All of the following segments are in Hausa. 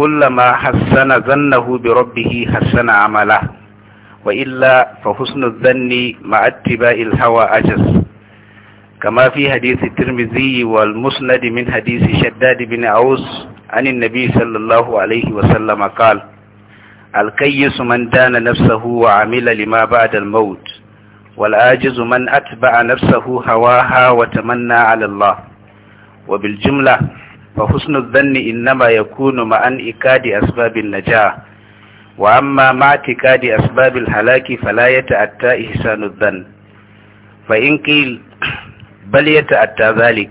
كلما حسن ظنه بربه حسن عمله وإلا فحسن الظن مع اتباع الهوى أجز كما في حديث الترمذي والمسند من حديث شداد بن أوس عن النبي صلى الله عليه وسلم قال الكيس من دان نفسه وعمل لما بعد الموت والعاجز من أتبع نفسه هواها وتمنى على الله وبالجملة فحسن الظن إنما يكون مع انعكاد أسباب النجاة وأما مع اعتكاد أسباب الهلاك فلا يتأتى إحسان الظن فإن قيل بل يتأتى ذلك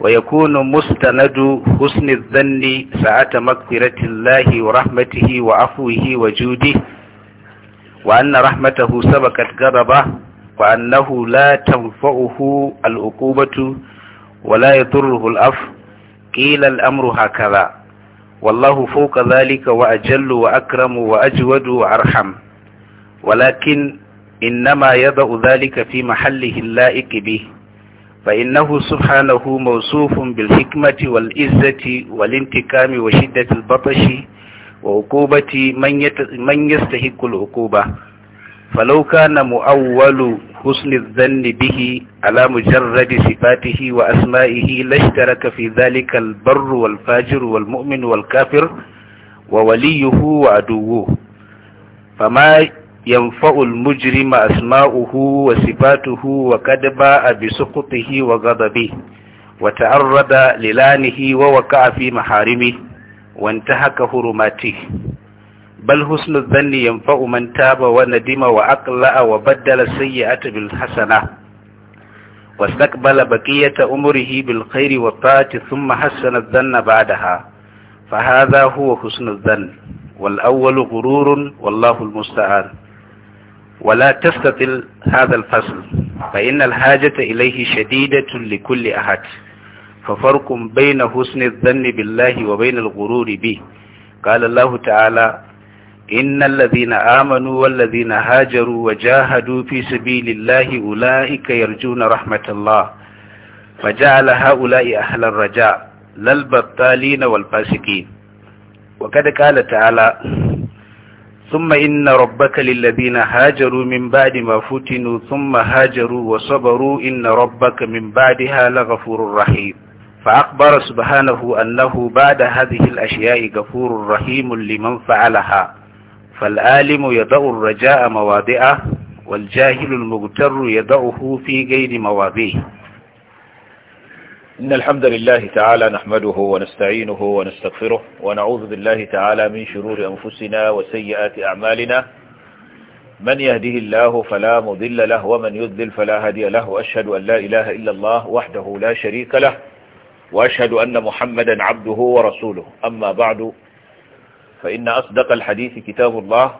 ويكون مستند حسن الظن ساعة مغفرة الله ورحمته وعفوه وجوده وأن رحمته سبقت غضبه وأنه لا تنفعه العقوبة ولا يضره العفو قيل الأمر هكذا والله فوق ذلك وأجل وأكرم وأجود وأرحم ولكن إنما يضع ذلك في محله اللائق به فإنه سبحانه موصوف بالحكمة والإزة والانتقام وشدة البطش وعقوبة من يستحق العقوبة فلو كان مؤول حسن الظن به على مجرد صفاته وأسمائه لاشترك في ذلك البر والفاجر والمؤمن والكافر ووليه وعدوه فما ينفع المجرم أسماؤه وصفاته وقد باء بسقطه وغضبه وتعرض للانه ووقع في محارمه وانتهك حرماته بل حسن الظن ينفع من تاب وندم وأقلع وبدل السيئة بالحسنة واستقبل بقية أمره بالخير والطاعة ثم حسن الظن بعدها فهذا هو حسن الظن والأول غرور والله المستعان ولا تستطل هذا الفصل فإن الحاجة إليه شديدة لكل أحد ففرق بين حسن الظن بالله وبين الغرور به قال الله تعالى إن الذين آمنوا والذين هاجروا وجاهدوا في سبيل الله أولئك يرجون رحمة الله فجعل هؤلاء أهل الرجاء لا البطالين والفاسقين وقد قال تعالى ثم إن ربك للذين هاجروا من بعد ما فتنوا ثم هاجروا وصبروا إن ربك من بعدها لغفور رحيم فأخبر سبحانه أنه بعد هذه الأشياء غفور رحيم لمن فعلها فالعالم يضع الرجاء مواضعه والجاهل المغتر يضعه في غير مواضعه إن الحمد لله تعالى نحمده ونستعينه ونستغفره ونعوذ بالله تعالى من شرور أنفسنا وسيئات أعمالنا من يهده الله فلا مضل له ومن يذل فلا هادي له وأشهد أن لا إله إلا الله وحده لا شريك له وأشهد أن محمدا عبده ورسوله أما بعد فإن أصدق الحديث كتاب الله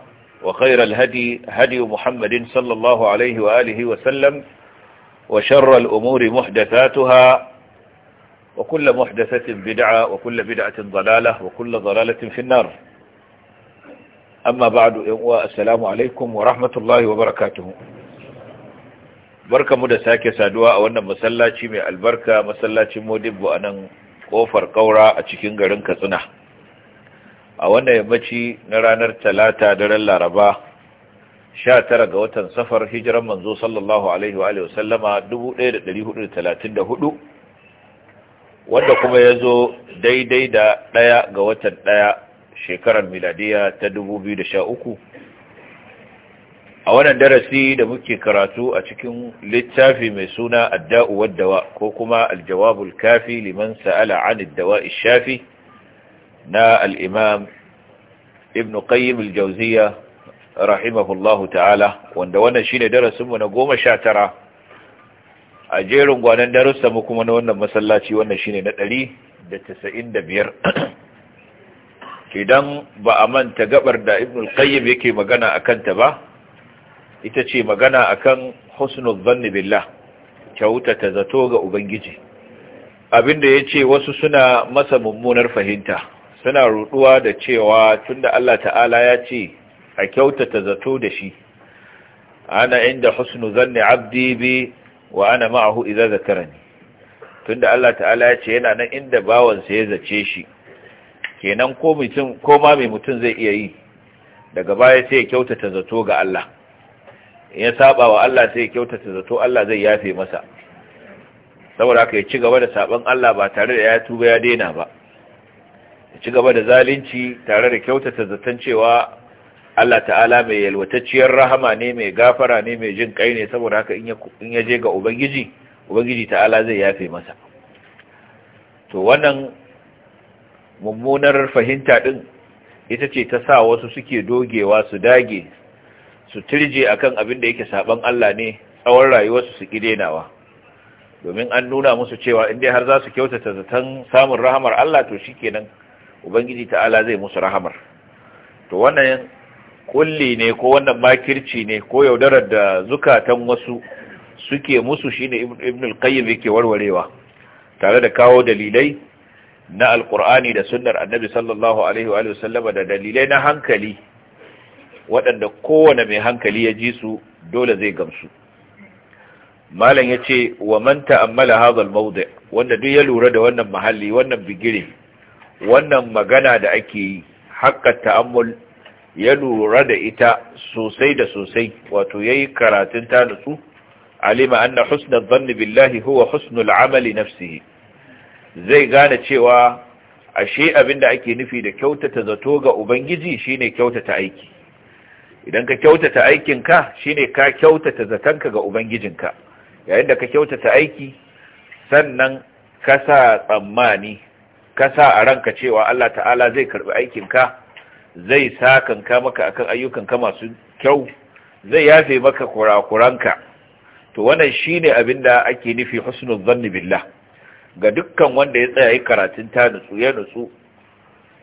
وخير الهدي هدي محمد صلى الله عليه وآله وسلم وشر الأمور محدثاتها وكل محدثة بدعة وكل بدعة ضلالة وكل ضلالة في النار أما بعد السلام عليكم ورحمة الله وبركاته barka mu da sake saduwa a wannan masallaci mai albarka masallacin modibbo a nan kofar kaura a cikin garin katsina a wannan yammaci na ranar talata daren laraba sha tara ga watan safar hijiran manzo sallallahu alaihi wa sallama hudu, wanda kuma ya zo daidai da ɗaya ga watan ɗaya shekarar miladiya ta uku. a wannan darasi da muke karatu a cikin littafi mai suna adda'u waddawa ko kuma aljawabul kafi liman sa'ala 'anid dawa'i shafi na al'imam ibn qayyim al-jauziya rahimahullahu ta'ala wanda wannan shine darasinmu na goma sha tara a jerin gwanon mu kuma na wannan masallaci wannan shine na ɗari da casa'in da biyar idan ba a manta gabar da ibn qayyim yake magana a kanta ba ita ce magana akan husnul zanni billah kyautata zato ga ubangiji abinda ya ce wasu suna masa mummunar fahimta suna ruɗuwa da cewa tunda Allah ta'ala ya ce a kyautata zato da shi ana inda husnu zanni abdi bi wa ana ma'ahu idza zakarani tunda Allah ta'ala ya ce yana nan inda bawansa ya zace shi kenan ko mutum ko ma mai mutum zai iya yi daga baya sai ya kyautata zato ga Allah ya saba wa Allah sai ya kyautata zato Allah zai yafe masa saboda haka ya ci gaba da saban Allah ba tare da ya tuba ya daina ba ya ci gaba da zalunci tare da kyautata zaton cewa Allah ta'ala mai yalwatacciyar rahama ne mai gafara ne mai jin kai ne saboda haka in ya je ga ubangiji ubangiji ta'ala zai yafe masa to wannan mummunar fahimta din ita ce ta sa wasu suke dogewa su dage su turje akan abin da yake saban Allah ne tsawon rayuwarsu su ki denawa domin an nuna musu cewa in dai har za su kyautata zaton samun rahamar Allah to shikenan ubangiji ta'ala zai musu rahamar to wannan kulli ne ko wannan makirci ne ko yaudarar da zukatan wasu suke musu shine ibn al-qayyim yake warwarewa tare da kawo dalilai na Alƙur'ani da sunnar annabi sallallahu alaihi wa da dalilai na hankali waɗanda kowane mai hankali ya ji su dole zai gamsu malam ya ce wa man ta'ammala hadha mawdi wanda duk ya lura da wannan mahalli wannan bigire wannan magana da ake yi haƙƙa ta'ammul ya lura da ita sosai da sosai wato yayi karatun ta nutsu alima anna husna dhanni billahi huwa husnul amali nafsihi zai gane cewa ashe abin da ake nufi da kyautata zato ga ubangiji shine kyautata aiki idan ka kyautata aikin ka shine ka kyautata zatanka ga ubangijinka yayin da ka kyautata aiki sannan ka sa tsammani ka sa a ranka cewa Allah ta'ala zai karbi aikinka zai sa kanka maka akan ka masu kyau zai yafe maka kurakuranka to wannan shine da ake nufi husnul zanni billah ga dukkan wanda ya tsaya yi karatun ta nutsu ya nutsu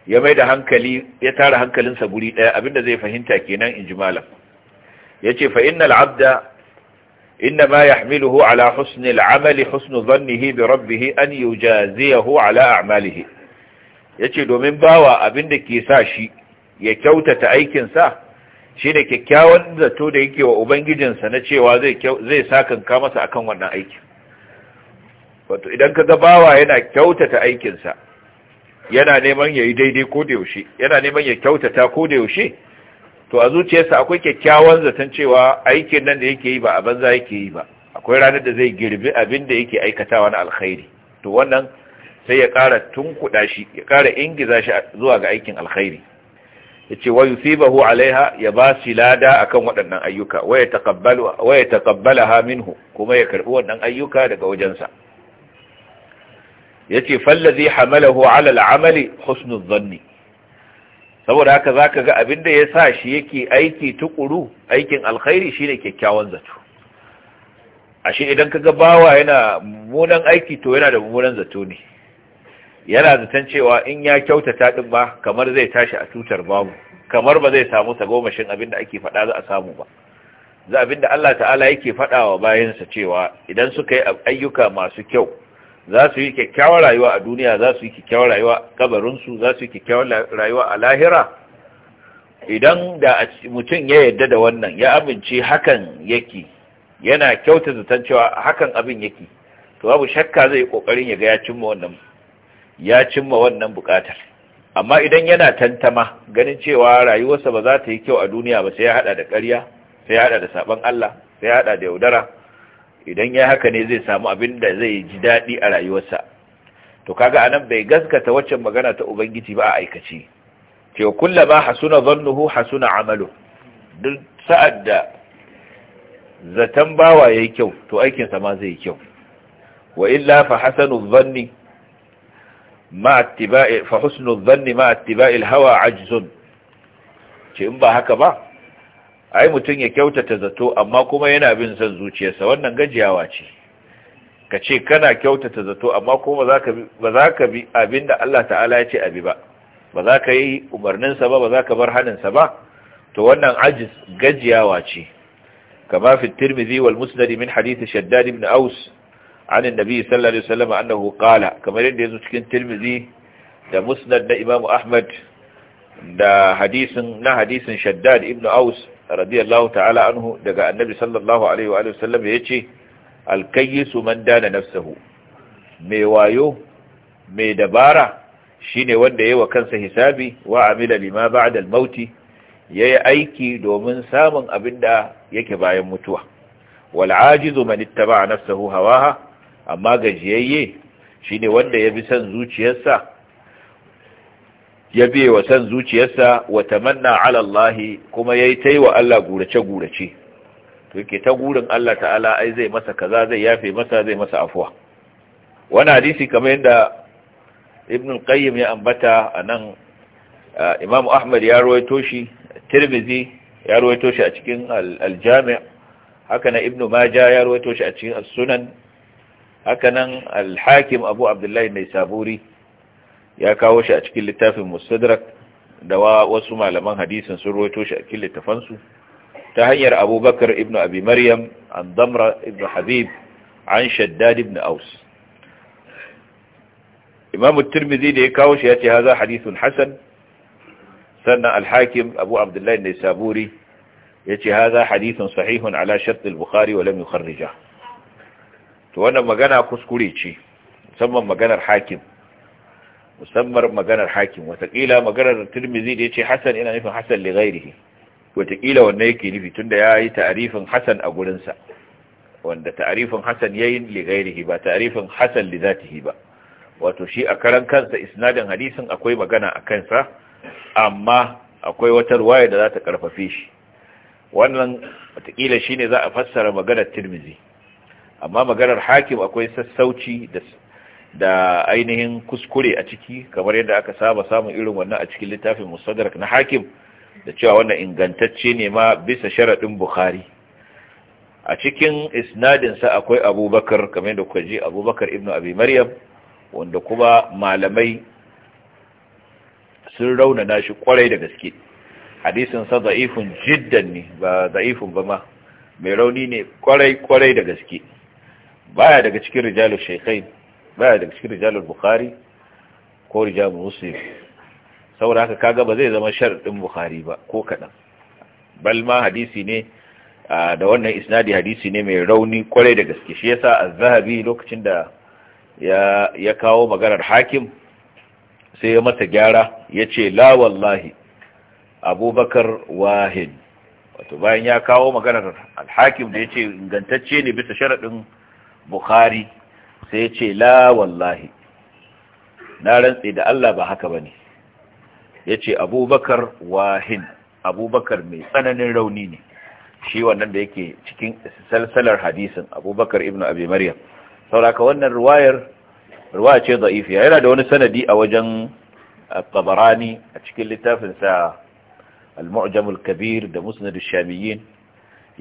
ya mai da hankali ya tara hankalinsa guri daya abinda zai fahimta kenan in malam yace fa innal abda إنما يحمله على حسن العمل حسن ظنه بربه أن يجازيه على أعماله yace domin bawa abin da ke sa shi ya kyautata aikinsa shi ne kyakkyawan zato da yake wa ubangijinsa na cewa zai sakanka masa akan wannan aikin wato idan ka bawa yana kyautata aikinsa yana neman ya yi daidai ko da yaushe yana neman ya kyautata ko da yaushe to a zuciyarsa akwai kyakkyawan zaton cewa aikin nan da yake yi ba a banza yake yi ba akwai ranar da zai girbi abin da yake aikatawa na alkhairi to wannan sai ya ƙara tunkuɗa shi ya ƙara ingiza shi zuwa ga aikin alkhairi ya ce wa yusibahu alaiha ya ba shi lada akan waɗannan ayyuka wa ya taqabbala ha minhu kuma ya karɓi wannan ayyuka daga wajensa ya ce fallazi hamalahu ala al'amali husnul zanni saboda haka za ka ga abin da ya sa shi yake aiki tukuru aikin alkhairi shine kyakkyawan zato ashe idan ka ga bawa yana mummunan aiki to yana da mummunan zato ne yana zaton cewa in ya kyautata din ba kamar zai tashi a tutar babu kamar ba zai samu tagomashin abin da ake faɗa za a samu ba za abin Allah ta'ala yake faɗawa bayansa cewa idan suka yi ayyuka masu kyau za su yi kyakkyawar rayuwa a duniya za su yi kyakkyawar rayuwa a kabarinsu za su yi kyakkyawar rayuwa a lahira idan da mutum ya yarda da wannan ya amince hakan yake yana kyauta zaton cewa hakan abin yake to babu shakka zai kokarin ya ga ya cimma wannan ya cimma wannan bukatar amma idan yana tantama ganin cewa rayuwarsa ba za ta yi kyau a duniya ba sai ya hada da ƙarya sai ya hada da sabon Allah sai ya hada da yaudara idan ya haka ne zai samu abin da zai ji daɗi a rayuwarsa to kaga anan bai gaskata waccan magana ta ubangiji ba a aikace ce ma hasuna zannuhu hasuna amalu duk sa'ad da zaton bawa yayi kyau to aikinsa sa ma zai kyau wa illa fa hasanu dhanni ma fa husnu dhanni ma hawa ajzun ce in ba haka ba ai mutum ya kyautata zato amma kuma yana bin son zuciyarsa wannan gajiyawa ce ka ce kana kyautata zato amma kuma ba za ka bi abin da Allah ta'ala ya ce abi ba ba za ka yi umarninsa ba ba za ka bar haninsa ba to wannan ajis gajiyawa ce kama fi tirmidhi wal min hadith shaddad ibn aus an annabi sallallahu alaihi wasallam annahu qala kamar yadda ya zo cikin Tirmizi da musnad na imam ahmad da hadisin na hadisin shaddad ibn aus radiyallahu ta'ala anhu daga annabi sallallahu alaihi wa sallam yace alkayyisu man dana nafsahu mai wayo mai dabara shine wanda yayi wa kansa hisabi wa amila lima ba'da al-mauti yayi aiki domin samun abinda yake bayan mutuwa wal ajizu man ittaba'a nafsahu hawaha amma gajiyayye shine wanda ya bi san zuciyarsa ya biye wa san zuciyarsa wa tamanna ala Allah kuma yayi tai wa Allah gurace gurace to yake ta gurin Allah ta'ala ai zai masa kaza zai yafe masa zai masa afwa wannan hadisi kamar yadda ibn al-qayyim ya ambata anan Imam Ahmad ya rawaito shi Tirmidhi ya rawaito shi a cikin al-Jami' haka nan Ibn Majah ya rawaito shi a cikin As-Sunan haka nan al-Hakim Abu Abdullah Saburi. ya kawo shi a cikin littafin mustadrak da wasu malaman hadisin sun ruwaito shi a cikin littafansu ta hanyar abubakar ibn abi maryam an damra ibn habib an shaddad ibn aus imam tirmidhi da ya kawo shi ya ce haza hadithun hasan sannan al-hakim abu abdullahi ne saburi ya ce haza hadithun sahihun ala shart al-bukhari wa lam yukharrija to wannan magana kuskure ce musamman maganar hakim musamman maganar hakim watakila maganar tirmizi da ya ce hasan yana nufin Hassan li watakila wannan yake nufi tunda ya yi ta'arifin Hassan a gurinsa wanda ta'arifin hasan yayi li ghairihi ba ta'arifin hasan li ba wato shi a karan kansa isnadin hadisin akwai magana a kansa amma akwai wata ruwaya da za ta karfafe shi wannan watakila shine za a fassara maganar tirmizi amma maganar hakim akwai sassauci da da ainihin kuskure a ciki kamar yadda aka saba samun irin wannan a cikin littafin musadarak na hakim da cewa wannan ingantacce ne ma bisa sharaɗin bukhari a cikin isnadinsa akwai abubakar kamar yadda kuka abubakar ibn abi maryam wanda kuma malamai sun raunana shi kwarai da gaske hadisin sa jiddan ne ba za'ifun ba ma mai rauni ne kwarai kwarai da gaske baya daga cikin rijalu shekai. baya daga cikin rijalar bukhari ko rijalul muslim saboda haka kaga ba zai zama sharadin bukhari ba ko kadan Balma hadisi ne da wannan isnadi hadisi ne mai rauni kwarai da gaske shi yasa az-zahabi lokacin da ya ya kawo maganar hakim sai ya mata gyara yace la wallahi abubakar wahid wato bayan ya kawo maganar alhakim hakim da yace ingantacce ne bisa sharadin bukhari sai ce la wallahi na rantse da Allah ba haka ba bane yace abubakar wahin abubakar mai tsananin rauni ne shi wannan da yake cikin salsalar hadisin abubakar Ibn abi maryam sauraka wannan riwayar riwaya ce da'ifiya yana da wani sanadi a wajen tabarani a cikin littafinsa al-mu'jamul kabir da musnad shamiyyin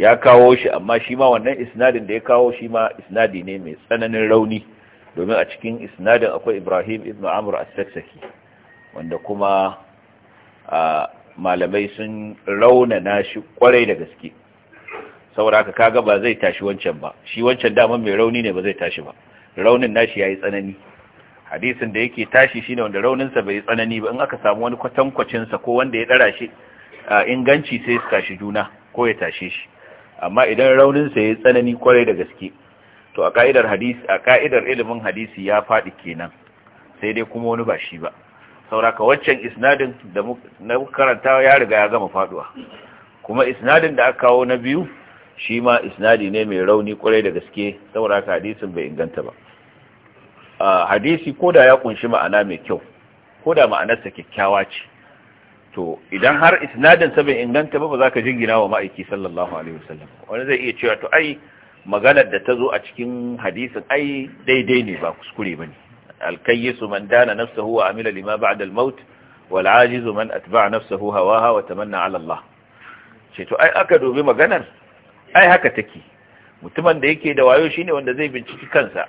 ya kawo shi amma shi ma wannan isnadin da ya kawo shi ma isnadi ne mai tsananin rauni domin a cikin isnadin akwai ibrahim ibn amur as-saksaki wanda kuma malamai sun rauna na shi kwarai da gaske saboda haka kaga ba zai tashi wancan ba shi wancan dama mai rauni ne ba zai tashi ba raunin nashi yayi tsanani hadisin da yake tashi shine wanda rauninsa bai tsanani ba in aka samu wani sa ko wanda ya dara shi inganci sai su tashi juna ko ya tashe shi amma idan raunin sa yayi tsanani kwarai da gaske to a ka'idar ilimin hadisi ya faɗi kenan sai dai kuma wani ba shi ba sauraka waccan isnadin da na karanta ya riga ya gama faduwa kuma isnadin da aka kawo na biyu shi ma isnadi ne mai rauni kwarai da gaske sauraka hadisin bai inganta ba hadisi koda ya kunshi ma'ana mai kyau koda ma'anarsa kyakkyawa ce to idan har isnadin sabai bai inganta ba ba za ka jingina wa ma'aiki sallallahu alaihi wasallam wani zai iya cewa to ai maganar da ta zo a cikin hadisin ai daidai ne ba kuskure bane alkayyisu man dana nafsahu wa amila lima ba'da al-maut wal ajizu man atba'a nafsahu hawaha wa tamanna ala Allah ce to ai aka dubi maganar ai haka take mutumin da yake da wayo shine wanda zai binciki kansa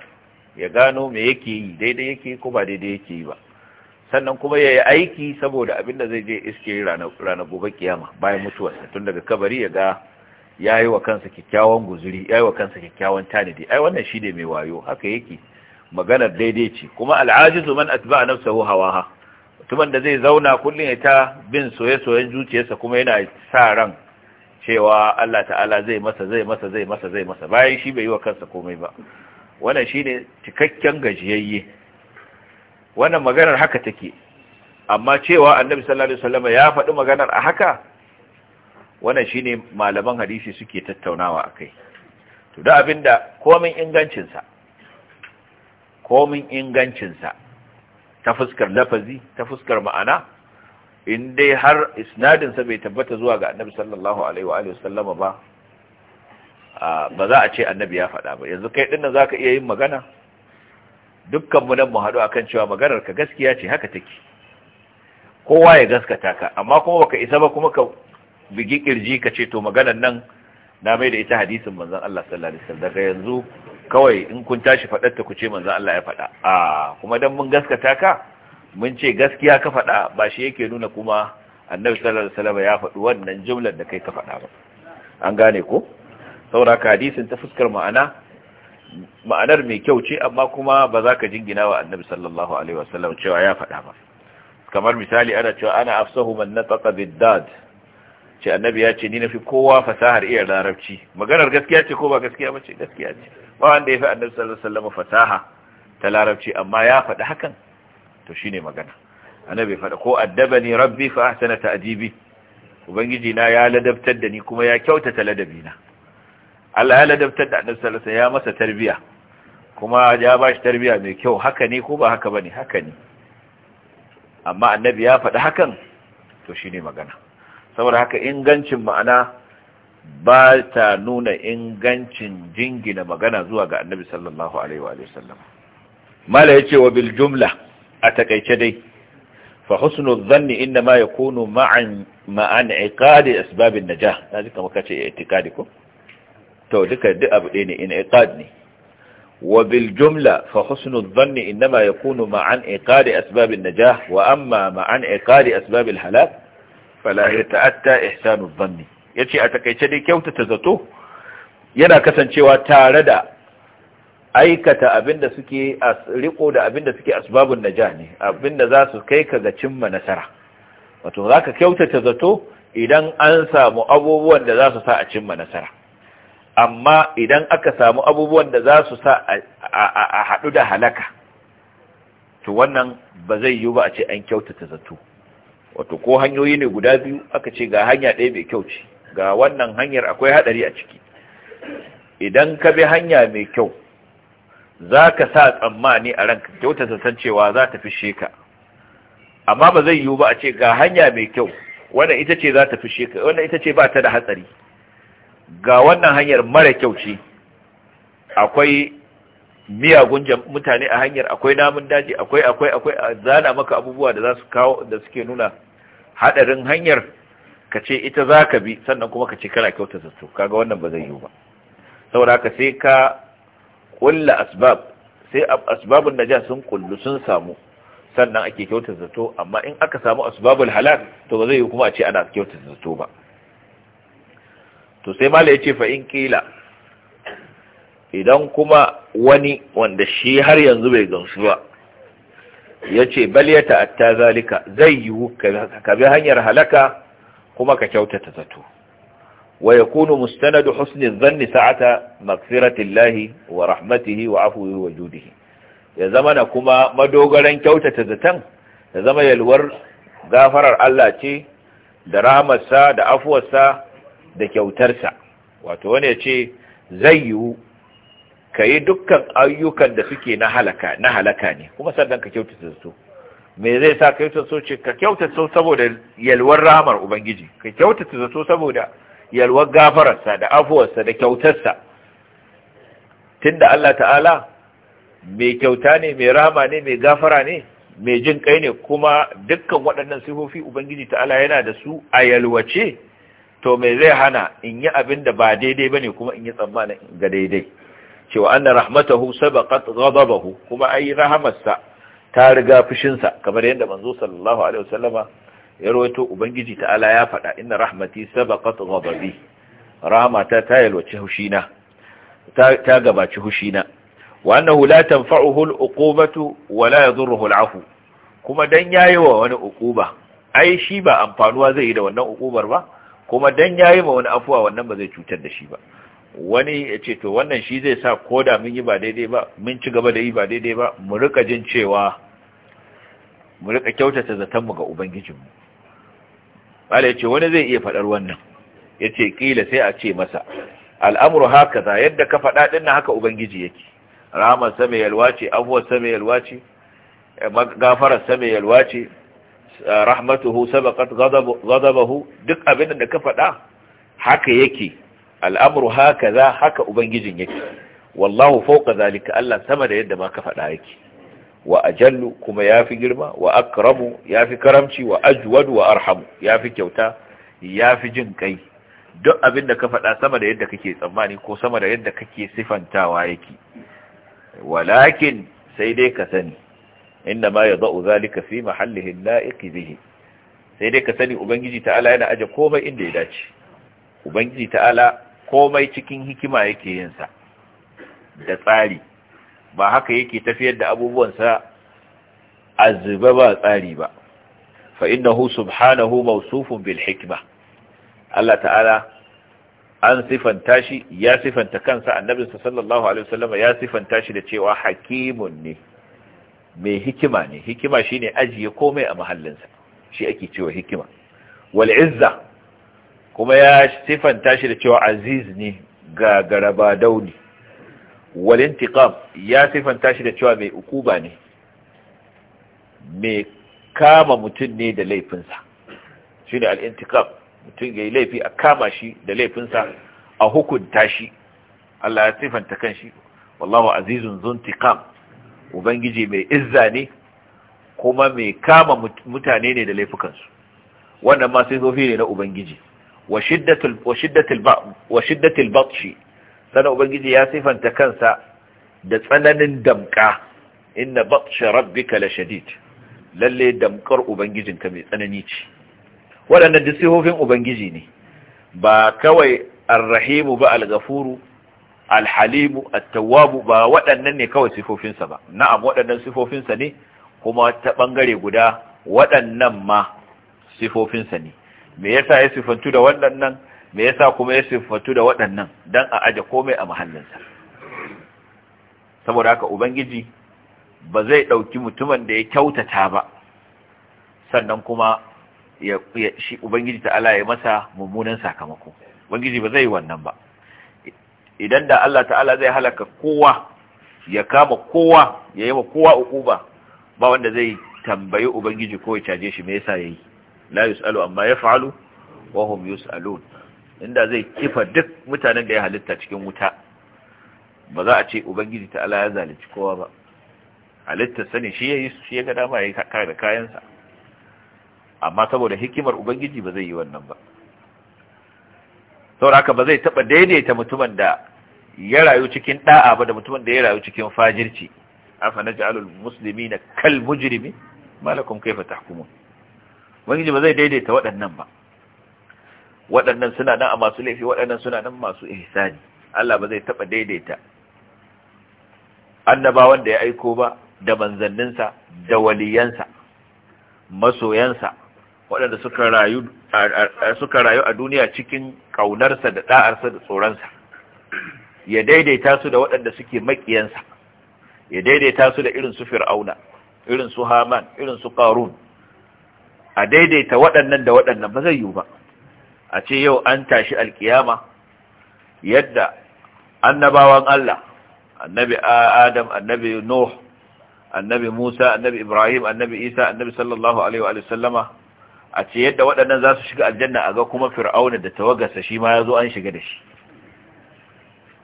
ya gano me yake yi daidai yake ko ba daidai yake yi ba sannan kuma ya yi aiki saboda abin da zai je iske ranar gobe kiyama bayan mutuwarsa tun daga kabari ya ga ya yi wa kansa kyakkyawan guzuri ya yi wa kansa kyakkyawan tanadi ai wannan shi ne mai wayo haka yake maganar daidai ce kuma al'ajizu man atba'a hawa ha mutumin da zai zauna kullum ya ta bin soye-soyen zuciyarsa kuma yana sa ran cewa Allah ta'ala zai masa zai masa zai masa zai masa bayan shi bai yi wa kansa komai ba wannan shi ne cikakken gajiyayye wannan maganar haka take amma cewa annabi sallallahu alaihi wasallam ya faɗi maganar a haka wannan shine malaman hadisi suke tattaunawa akai to da abinda komin ingancin sa komin ingancin sa ta fuskar lafazi ta fuskar ma'ana in dai har isnadin sa bai tabbata zuwa ga annabi sallallahu alaihi wa alihi wasallama ba ba za a ce annabi ya faɗa ba yanzu kai dinnan zaka iya yin magana dukkan mu nan mu haɗu akan cewa maganar ka gaskiya ce haka take kowa ya gaskata ka amma kuma baka isa ba kuma ka bigi kirji ka ce to maganar nan na mai da ita hadisin manzon Allah sallallahu alaihi wasallam daga yanzu kawai in kun tashi faɗar ta ku ce manzon Allah ya faɗa a kuma dan mun gaskata ka mun ce gaskiya ka faɗa ba shi yake nuna kuma annabi sallallahu alaihi wasallam ya faɗi wannan jumlar da kai ka faɗa ba an gane ko saboda hadisin ta fuskar ma'ana ma'anar mai kyau ce amma kuma ba za ka jingina wa annabi sallallahu alaihi wasallam cewa ya faɗa ba kamar misali ana cewa ana afsahu man nataqa biddad ce annabi ya ce ni nafi kowa fasahar iya larabci maganar gaskiya ce ko ba gaskiya ba ce gaskiya ce ba wanda ya fi annabi sallallahu alaihi wasallam fasaha ta larabci amma ya faɗi hakan to shine magana annabi faɗa ko addabani rabbi fa ahsana ta'dibi ubangiji na ya ladabtar da ni kuma ya kyautata ladabi na Allah ya ladabtar da annabi sallallahu alaihi wasallam ya masa tarbiya kuma ya ba shi tarbiya mai kyau haka ne ko ba haka bane haka ne amma annabi ya faɗi hakan to shine magana saboda haka ingancin ma'ana ba ta nuna ingancin jingina magana zuwa ga annabi sallallahu alaihi wasallam mala yace wa bil jumla a takaice dai fa husnul dhanni inma yakunu ma'an ma'an iqadi asbabin najah dalika makace itikadi ko to duka duk abu ɗaya ne in iqad ne wa bil jumla fa husnu dhann inma yakunu ma'an iqad asbab an najah wa amma ma ma'an iqad asbab al halak fala yata'atta ihsanu dhann yace a takeice dai kyautata zato yana kasancewa tare da aikata abinda suke riko da abinda suke asbabun najah ne abinda za su kai ka ga cimma nasara wato zaka kyautata zato idan an samu abubuwan da za su sa a cimma nasara amma idan aka samu abubuwan da za su sa a haɗu da halaka to wannan ba zai yiwu ba a ce an kyautata zato wato ko hanyoyi ne guda biyu aka ce ga hanya ɗaya mai kyau ce ga wannan hanyar akwai haɗari a ciki idan ka bi hanya mai kyau za ka sa tsammani a ranka kyautata san cewa za ta fishe ka amma ba zai yiwu ba a ce ga hanya mai kyau wannan ita ce za ta fishe ka wannan ita ce ba ta da hatsari ga wannan hanyar mara kyau ce akwai miyagun mutane a hanyar akwai namun daji akwai akwai akwai zana maka abubuwa da za su kawo da suke nuna hadarin hanyar ka ce ita za ka bi sannan kuma ka ce kana kyauta zato kaga wannan ba zai yiwu ba saboda haka sai ka kulla asbab sai asbabun naja sun kullu sun samu sannan ake kyauta zato amma in aka samu asbabul halal to ba zai yiwu kuma a ce ana kyauta zato ba to sai mala yace fa in kila idan kuma wani wanda shi har yanzu bai gamsu ba yace bal ya ta'atta zalika zai yiwu ka bi hanyar halaka kuma ka kyautata zato wa yakunu mustanadu husnin dhanni sa'ata maghfiratillahi wa rahmatihi wa afwihi wa judihi ya zama na kuma madogaran kyautata zaton ya zama yalwar gafarar Allah ce da rahamarsa da afuwarsa da kyautarsa wato wani ya ce zai yiwu ka yi dukkan ayyukan da suke na halaka ne kuma sannan ka kyautata su me zai sa ka kyautata su ce ka kyautata su saboda yalwar rahamar ubangiji ka kyautata su saboda yalwar gafararsa da afuwarsa da kyautarsa tunda Allah ta'ala mai kyauta ne mai rahama ne mai gafara ne mai jin kai ne kuma dukkan waɗannan sifofi ubangiji ta'ala yana da su a yalwace to mai zai hana in yi abin da ba daidai bane kuma in yi tsammanin ga daidai cewa anna rahmatahu sabaqat ghadabahu kuma ayi rahamarsa ta riga fushinsa kamar yadda manzo sallallahu alaihi wasallama ya rawaito ubangiji ta'ala ya faɗa inna rahmati sabaqat ghadabi rahmata ta yalwaci hushina ta ta gabaci hushina wa annahu la tanfa'uhu al-uqubatu wa la yadhurruhu al-'afu kuma dan yayi wa wani uquba ai shi ba amfanuwa zai yi da wannan uqubar ba kuma dan yayi ma wani afuwa wannan ba zai cutar da shi ba wani ya ce to wannan shi zai sa koda da mun yi ba daidai ba mun ci gaba da yi ba daidai ba mu rika jin cewa mu rika kyautata zaton mu ga ubangijinmu bala ya ce wani zai iya faɗar wannan ya ce ƙila sai a ce masa al'amuru haka za yadda ka faɗa ɗin na haka ubangiji yake rahamar sama mai yalwa ce abuwar sa yalwa ce eh, gafarar yalwa ce rahmatuhu sabaqat ghadabahu duk abin da ka faɗa haka yake al'amru hakaza haka ubangijin yake wallahu fawqa zalika Allah sama da yadda ma ka faɗa yake wa ajallu kuma yafi girma wa akramu yafi karamci wa ajwad wa arhamu yafi kyauta yafi jin kai duk abin da ka faɗa sama da yadda kake tsammani ko sama da yadda kake sifantawa yake walakin sai dai ka sani inna ma ya za'u zalika fi mahallihin la'iqi bihi sai dai ka sani ubangiji ta'ala yana aje komai inda ya dace ubangiji ta'ala komai cikin hikima yake yin sa da tsari ba haka yake tafiyar da abubuwansa azzuba ba tsari ba fa innahu subhanahu mawsufun bil hikma Allah ta'ala an sifanta shi ya sifanta kansa annabinsa sallallahu alaihi wasallam ya sifanta shi da cewa hakimun ne mai hikima ne hikima shine ajiye komai a mahallinsa shi ake cewa hikima wal izza kuma ya sifanta shi da cewa aziz ne ga garaba dauni wal intiqam ya sifanta shi da cewa mai ukuba ne mai kama mutum ne da laifinsa shine al intiqam mutum yayi laifi a kama shi da laifinsa a hukunta shi Allah ya sifanta kanshi wallahu azizun zuntiqam ubangiji mai izza ne kuma mai kama mutane ne da laifukansu wannan ma sai sofi ne na ubangiji wa shiddatul batshi sana ubangiji ya sifanta kansa da tsananin damka inna batsha rabbika la shadid lalle damkar ubangijinka mai tsanani ce waɗannan duk sifofin ubangiji ne ba kawai arrahimu ba al-ghafuru alhalimu attawabu ba waɗannan ne kawai sifofinsa ba na'am waɗannan sifofinsa ne kuma ta ɓangare guda waɗannan ma sifofinsa ne me yasa ya sifantu da waɗannan me yasa kuma ya sifantu da waɗannan dan a aje komai a mahallinsa saboda haka ubangiji ba zai ɗauki mutumin da ya kyautata ba sannan kuma ya shi ubangiji ta'ala ya masa mummunan sakamako ubangiji ba zai yi wannan ba idan da Allah ta'ala zai halaka kowa ya kama kowa ya yi wa kowa ukuba ba wanda zai tambayi ubangiji ko ya caje shi me yasa yayi la yusalu amma fa'alu, wa hum yusalun inda zai kifa duk mutanen da ya halitta cikin wuta ba za a ce ubangiji ta'ala ya zalunci kowa ba halitta sani shi yayi shi ya ga dama yayi da kayansa amma saboda hikimar ubangiji ba zai yi wannan ba saboda haka ba zai taba daidaita mutumin da ya rayu cikin da'a ba da mutumin da ya rayu cikin fajirci afa musulmi muslimina kal mujrimi malakum kaifa tahkumun ubangiji ba zai daidaita waɗannan ba waɗannan suna nan a masu laifi waɗannan suna nan masu ihsani Allah ba zai taba daidaita annabawan da ya aiko ba da manzanninsa da waliyansa masoyansa waɗanda suka rayu a duniya cikin ƙaunarsa, da da'arsa da tsoronsa ya daidaita su da waɗanda suke makiyansa ya daidaita su da irin su fir'auna irin su haman irin su ƙarun. a daidaita waɗannan da waɗannan ba zai yiwu ba a ce yau an tashi alkiyama yadda annabawan Allah annabi Adam annabi Nuh annabi Musa annabi Ibrahim annabi Isa annabi sallallahu alaihi wa sallama a ce yadda waɗannan za su shiga aljanna a ga kuma fir'auna da tawagarsa shi ma ya zo an shiga da shi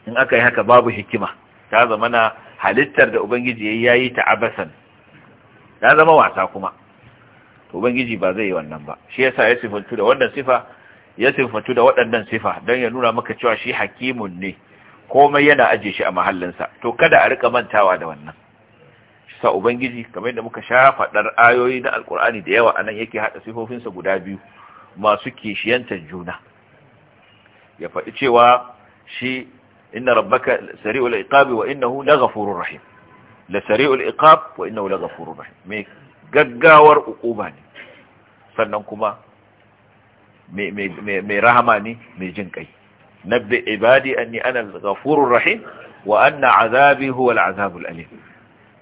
in aka yi haka babu hikima ta zama na halittar da ubangiji ya yi ta abasan ta zama wasa kuma ubangiji ba zai yi wannan ba shi yasa ya sifantu da wannan sifa ya sifantu da waɗannan sifa don ya nuna maka cewa shi hakimun ne komai yana ajiye shi a mahallinsa to kada a riƙa mantawa da wannan sa ubangiji kamar da muka sha faɗar ayoyi na alkur'ani da yawa anan yake haɗa sifofinsa guda biyu masu kishiyantar juna ya faɗi cewa shi inna rabbaka sari'ul iqabi wa innahu laghafurur rahim la sari'ul iqab wa innahu laghafurur rahim me gaggawar ukuba ne sannan kuma me rahama ne me jin kai nabbi ibadi anni ana al-ghafurur rahim wa anna azabi huwa al-azabul alim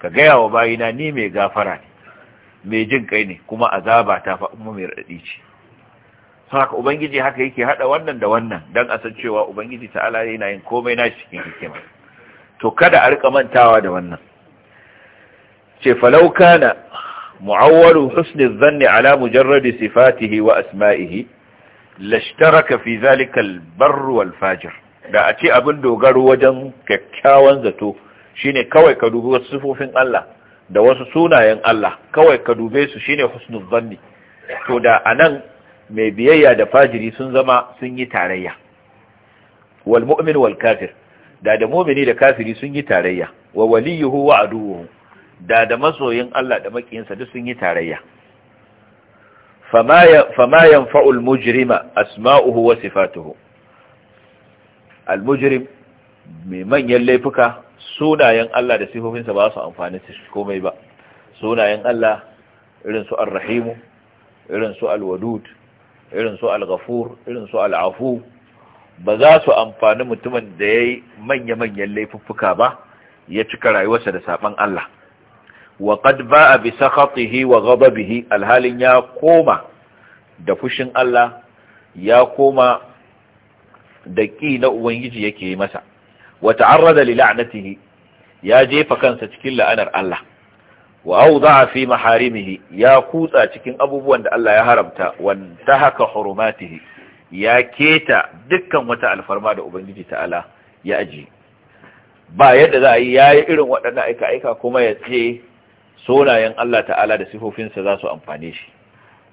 ka gaya wa bayina ni mai gafara ne mai jin kai ne kuma azaba ta fa umma mai ce haka ubangiji haka yake haɗa wannan da wannan dan a san cewa ubangiji ta'ala yana yin komai na cikin hikima to kada a rika mantawa da wannan ce falau kana mu'awwalu husni zanni ala mujarradi sifatihi wa asma'ihi lashtaraka fi zalika al-barr wal fajir da a ce abin dogaro wajen kyakkyawan zato shine kawai ka dubi wasu sifofin Allah da wasu sunayen Allah kawai ka dube su shine husnul zanni to da anan mai biyayya da fajiri sun zama sun yi tarayya wal mu'min wal kafir da da mu'mini da kafiri sun yi tarayya wa waliyuhu wa aduwuhu da da masoyin Allah da makiyinsa duk sun yi tarayya fa ينفع المجرم أسماؤه وصفاته المجرم mai manyan laifuka sunayen Allah da sifofinsa ba su amfani su komai ba sunayen Allah irin su ar-rahimu irin su al-wadud irin su al-ghafur irin su al-afu ba za su amfani mutumin da yayi manya-manyan laifuffuka ba ya cika rayuwarsa da saban Allah wa qad ba'a bi sakhatihi wa ghadabihi alhalin ya koma da fushin Allah ya koma da ƙi na Ubangiji yake masa, wa ta'arrada li la'natihi ya jefa kansa cikin la'anar Allah wa awda'a fi maharimihi ya kutsa cikin abubuwan da Allah ya haramta ta haka hurumatihi ya keta dukkan wata alfarma da ubangiji ta'ala ya aji ba yadda za a yi yayi irin waɗannan aika aika kuma ya ce sonayen Allah ta'ala da sifofinsa za su amfane shi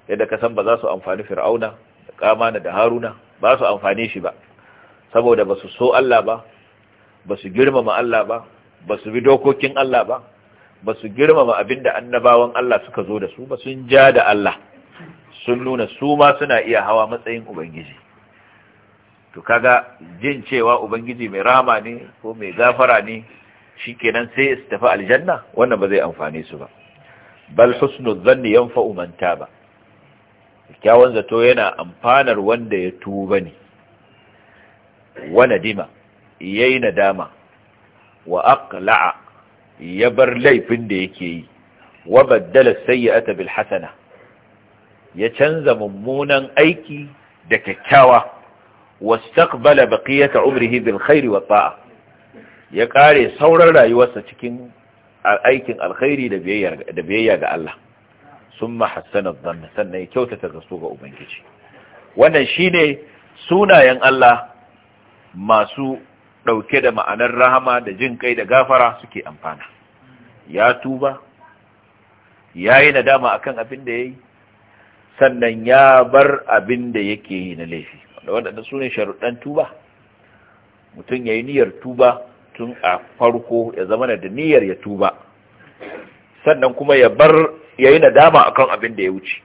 yadda ka san ba za su amfani fir'auna da kamana da haruna ba su amfane shi ba saboda ba su so Allah ba ba su girmama Allah ba ba su bi dokokin Allah ba ba su girmama abinda annabawan Allah suka zo da su ba sun ja da Allah sun nuna su ma suna iya hawa matsayin ubangiji to kaga jin cewa ubangiji mai rama ne ko mai gafara ne shikenan sai su tafi aljanna wannan ba zai amfane su ba bal husnu zanni yanfa'u man taba kyawun zato yana amfanar wanda ya tuba ne wa dima yayi nadama wa aqla'a ya bar laifin da yake yi wa baddala sayyi'ata bil hasana ya canza mummunan aiki da kyakkyawa wastaqbala baqiyata umrihi bil khairi wa ta'a ya kare sauran rayuwarsa cikin aikin alkhairi da biyayya da biyayya ga Allah summa hassana dhanna sannan ya kyautata su ga ubangiji wannan shine sunayen Allah masu ɗauke da ma'anar rahama da jin kai da gafara suke amfana ya tuba ya yi nadama a kan abin da ya yi sannan ya bar abin da yake yi na laifi waɗanda su ne sharuɗan tuba mutum ya yi niyyar tuba tun a farko ya zama da niyyar ya tuba sannan kuma ya bar ya yi nadama a kan abin da ya wuce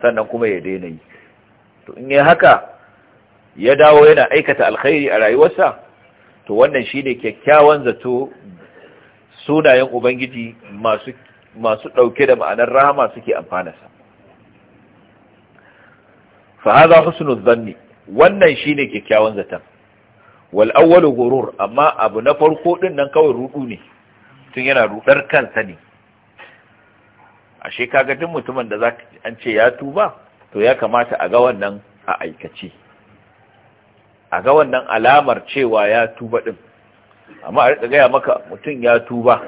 sannan kuma ya daina yi to in yi haka ya dawo yana aikata alkhairi a rayuwarsa to wannan shi ne kyakkyawan zato sunayen ubangiji masu ɗauke da ma'anar rahama suke amfana sa fa husnu dhanni wannan shi ne kyakkyawan zato, wal awwalu amma abu na farko din nan kawai rudu ne tun yana rudar kansa ne ashe kaga din mutumin da zaka an ce ya tuba to ya kamata a ga wannan a aikace a ga wannan alamar cewa ya tuba ɗin, amma a riƙa gaya maka mutum ya tuba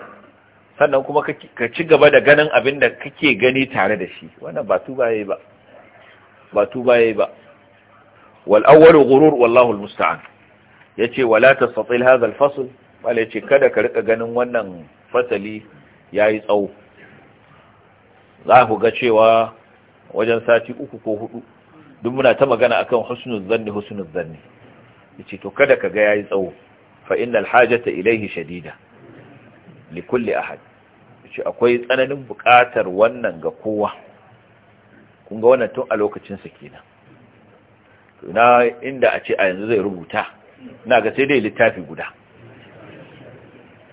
sannan kuma ka ci gaba da ganin abin da kake gani tare da shi wannan ba tuba yayi ba ba tuba yayi ba wal Ya ce, wala ta yace wala fasul? hadha ce, kada ka riƙa ganin wannan fasali yi tsawo za ku ga cewa wajen sati uku ko hudu duk muna ta magana akan husnul zanni husnul zanni yace to kada ka ga yayi tsawo fa innal hajata ilayhi shadida li kulli ahad yace akwai tsananin buƙatar wannan ga kowa kun ga wannan tun a lokacin sa kenan to na inda a ce a yanzu zai rubuta ina ga sai dai littafi guda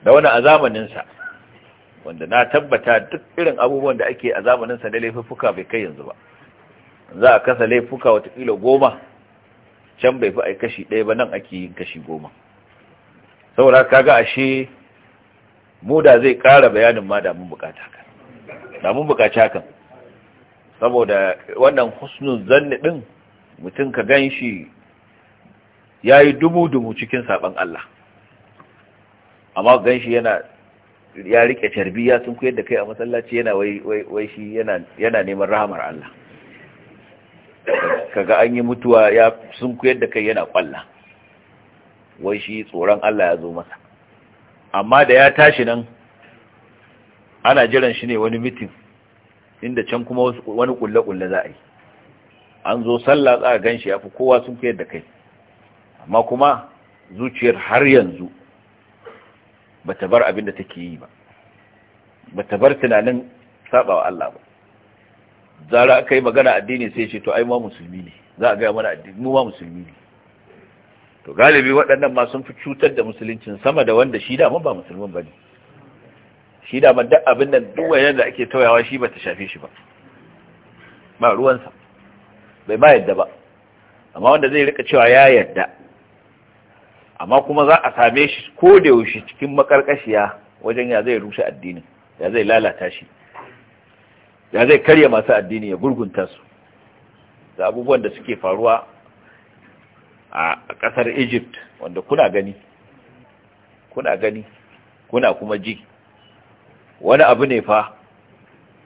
da wani a zamanin sa wanda na tabbata duk irin abubuwan da ake a zamanin sa da laifuffuka bai kai yanzu ba za a kasa laifuka wata kilo goma can bai fi ai kashi ɗaya ba nan ake yin kashi goma saboda kaga ashe mu da zai ƙara bayanin ma da mun bukata kan da mun bukaci hakan saboda wannan husnul zanni din mutum ka ganshi yayi dubu-dubu cikin saban Allah amma ganshi yana ya rike tarbiya sun koyar da kai a masallaci yana wai wai shi yana yana neman rahamar Allah kaga an yi mutuwa ya sun kuyar da kai yana kwalla wai shi tsoron Allah ya zo masa amma da ya tashi nan ana jiran shi ne wani mitin inda can kuma wani kulle-kulle za a yi an zo sallah za a gan shi ya fi kowa sun kuyar da kai amma kuma zuciyar har yanzu ba ta bar abin da take yi ba ba ta bar tunanin saɓawa Allah ba zara aka yi magana addini sai ce to ai ma musulmi ne za a gaya mana addini mu ma musulmi ne to galibi waɗannan ma sun fi cutar da musuluncin sama da wanda shi mun ba musulmin ba ne shi daman duk abin nan duk wayan da ake tauyawa shi ba ta shafe shi ba ba ruwansa bai ma yadda ba amma wanda zai rika cewa ya yadda amma kuma za a same shi ko da yaushe cikin makarkashiya wajen ya zai rushe addinin ya zai lalata shi ya zai karya masu addini ya gurgunta su da abubuwan da suke faruwa a ƙasar egypt wanda kuna gani kuna gani kuna kuma ji wani abu ne fa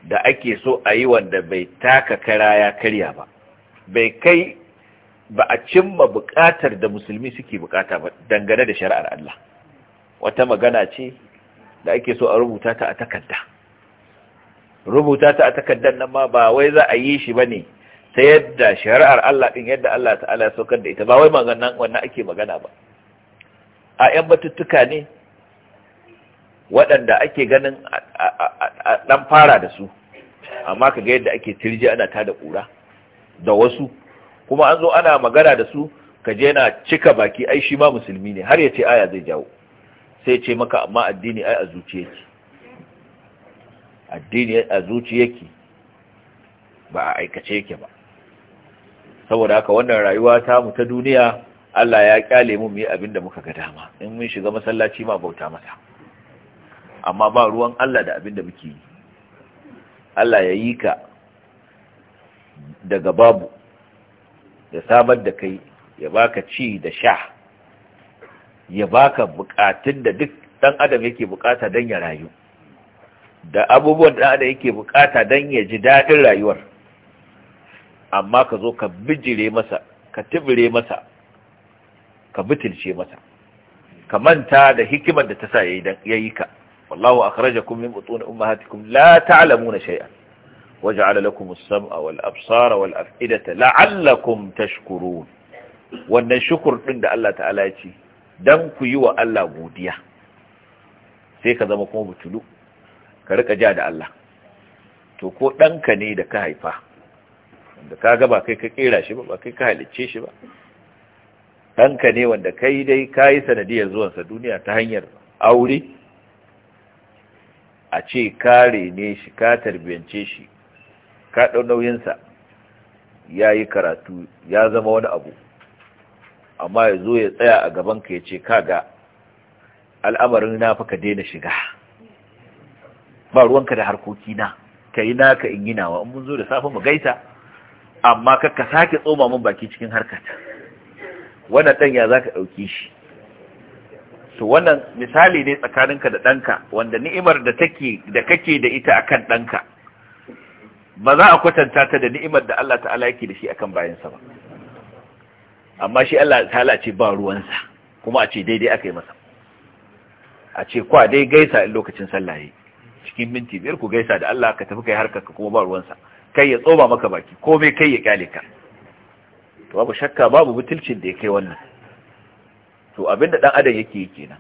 da ake so a yi wanda bai taka kara ya karya ba bai kai ba a cimma buƙatar da musulmi suke buƙata ba dangane da shari'ar Allah wata magana ce da ake so a rubuta ta a takarda rubuta ta a takardar nan ma ba wai za a yi shi ba ne, ta yadda shari'ar Allah ɗin yadda Allah ta'ala ya saukar da ita ba wai maganan wannan ake magana ba a yan batuttuka ne waɗanda ake ganin a ɗan fara da su amma ka ga yadda ake tirji ana ta da ƙura da wasu kuma an zo ana magana da su ka je na cika baki ai shi ma musulmi ne har ya ce aya zai jawo sai ce maka amma addini ai a zuciyarki addini a zuci yake ba a aikace yake ba saboda haka wannan rayuwa ta mu ta duniya Allah ya kyale mu yi abinda muka ga dama in mun shiga masallaci ma bauta mata. amma ba ruwan Allah da abin da muke yi Allah ya yi ka daga babu ya samar da kai ya baka ci da sha ya baka bukatun da duk dan adam yake bukata don ya rayu da abubuwan da da yake bukata don ya ji daɗin rayuwar amma ka zo ka bijire masa ka tibire masa ka bitilce masa ka manta da hikimar da ta sa ya yi ka wallahu akhrajakum min na ummahatikum la ta'lamuna shay'an waj'ala lakum as-sam'a wal absara wal af'idata la'allakum tashkurun wannan shukur ɗin da Allah ta'ala ya ce dan ku yi wa Allah godiya sai ka zama kuma butulu ka rika ja da Allah to ko ɗanka ne da ka haifa wanda ka ga ba kai ka kera shi ba ba kai ka halicce shi ba ɗanka ne wanda kai dai ka yi sanadiyar zuwansa duniya ta hanyar aure a ce kare ne shi ka tarbiyance shi ka ɗau nauyinsa ya yi karatu ya zama wani abu amma ya zo ya tsaya a gabanka ya ce ka ga al'amarin na fa ka daina shiga ba ruwanka da harkoki na ka yi naka in yi nawa in mun zo da safe mu gaita amma ka ka sake tsoma mun baki cikin harkata wannan dan ya zaka dauke shi to wannan misali ne tsakaninka da danka wanda ni'imar da take da kake da ita akan danka ba za a kwatanta ta da ni'imar da Allah ta'ala yake da shi akan bayansa ba amma shi Allah ta'ala ce ba ruwansa kuma a ce daidai aka yi masa a ce kwa dai gaisa in lokacin sallah yayi cikin minti biyar ku gaisa da Allah ka tafi kai harkar ka kuma ba ruwansa kai ya tsoma maka baki komai kai ya kyale ka to babu shakka babu butulcin da ya kai wannan to abinda dan adam yake yake kenan